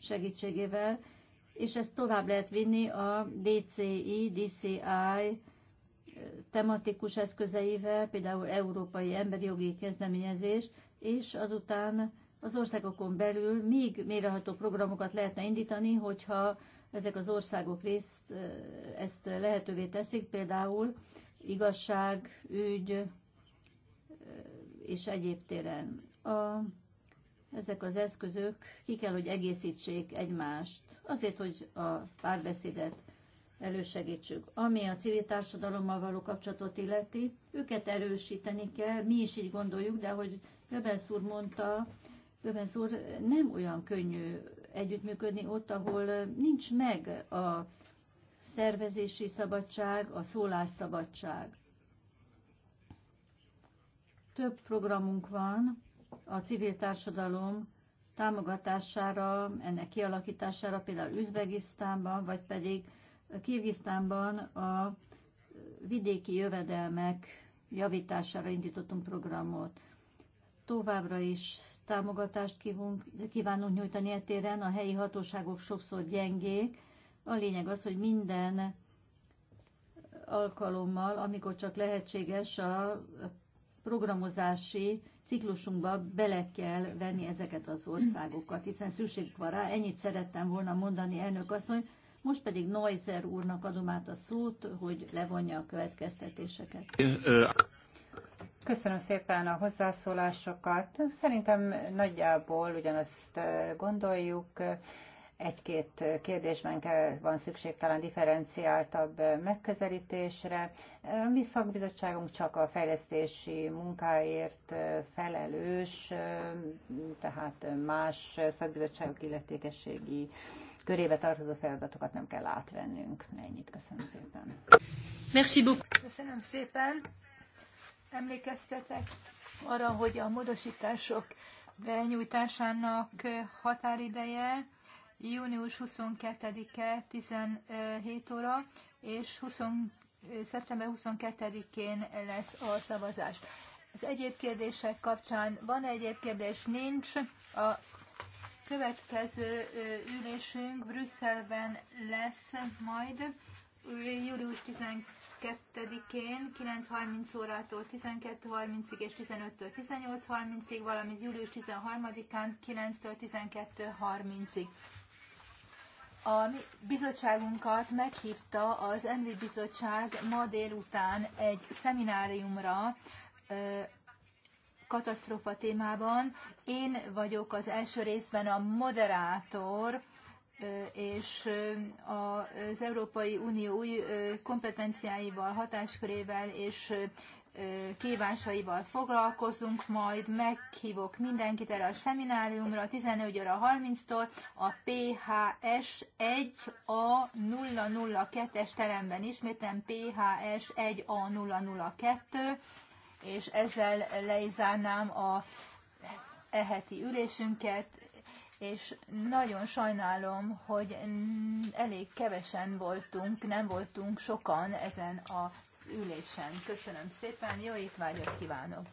segítségével, és ezt tovább lehet vinni a DCI, DCI tematikus eszközeivel, például Európai Emberi Jogi Kezdeményezés, és azután az országokon belül még méreható programokat lehetne indítani, hogyha ezek az országok részt ezt lehetővé teszik, például igazság, ügy és egyéb téren. A, ezek az eszközök ki kell, hogy egészítsék egymást, azért, hogy a párbeszédet elősegítsük. Ami a civil társadalommal való kapcsolatot illeti, őket erősíteni kell, mi is így gondoljuk, de ahogy Göbelsz úr mondta, Göbens úr, nem olyan könnyű együttműködni ott, ahol nincs meg a szervezési szabadság, a szólásszabadság. Több programunk van a civil társadalom támogatására, ennek kialakítására, például Üzbegisztánban, vagy pedig Kirgisztánban a vidéki jövedelmek javítására indítottunk programot. Továbbra is támogatást kívunk, kívánunk nyújtani e téren, a helyi hatóságok sokszor gyengék. A lényeg az, hogy minden alkalommal, amikor csak lehetséges, a programozási ciklusunkba bele kell venni ezeket az országokat, hiszen szükség van rá. Ennyit szerettem volna mondani, elnök asszony. Most pedig Neuser úrnak adom át a szót, hogy levonja a következtetéseket. Köszönöm szépen a hozzászólásokat. Szerintem nagyjából ugyanazt gondoljuk. Egy-két kérdésben kell, van szükség talán differenciáltabb megközelítésre. A mi szakbizottságunk csak a fejlesztési munkáért felelős, tehát más szakbizottságok illetékességi körébe tartozó feladatokat nem kell átvennünk. Ennyit köszönöm szépen. Merci beaucoup. Köszönöm szépen. Emlékeztetek arra, hogy a módosítások benyújtásának határideje június 22-e 17 óra, és 20, szeptember 22-én lesz a szavazás. Az egyéb kérdések kapcsán van -e egyéb kérdés? Nincs. A következő ülésünk Brüsszelben lesz majd július 12 22-én 9.30 órától 12.30-ig és 15-től 18.30-ig, valamint július 13-án 9-től 12.30-ig. A bizottságunkat meghívta az Envi Bizottság ma délután egy szemináriumra katasztrófa témában. Én vagyok az első részben a moderátor, és az Európai Unió új kompetenciáival, hatáskörével és kívásaival foglalkozunk, majd meghívok mindenkit erre a szemináriumra 14 óra 30-tól a PHS 1A002-es teremben ismétem PHS 1A002, és ezzel leizárnám a eheti ülésünket és nagyon sajnálom, hogy elég kevesen voltunk, nem voltunk sokan ezen az ülésen. Köszönöm szépen, jó étvágyat kívánok!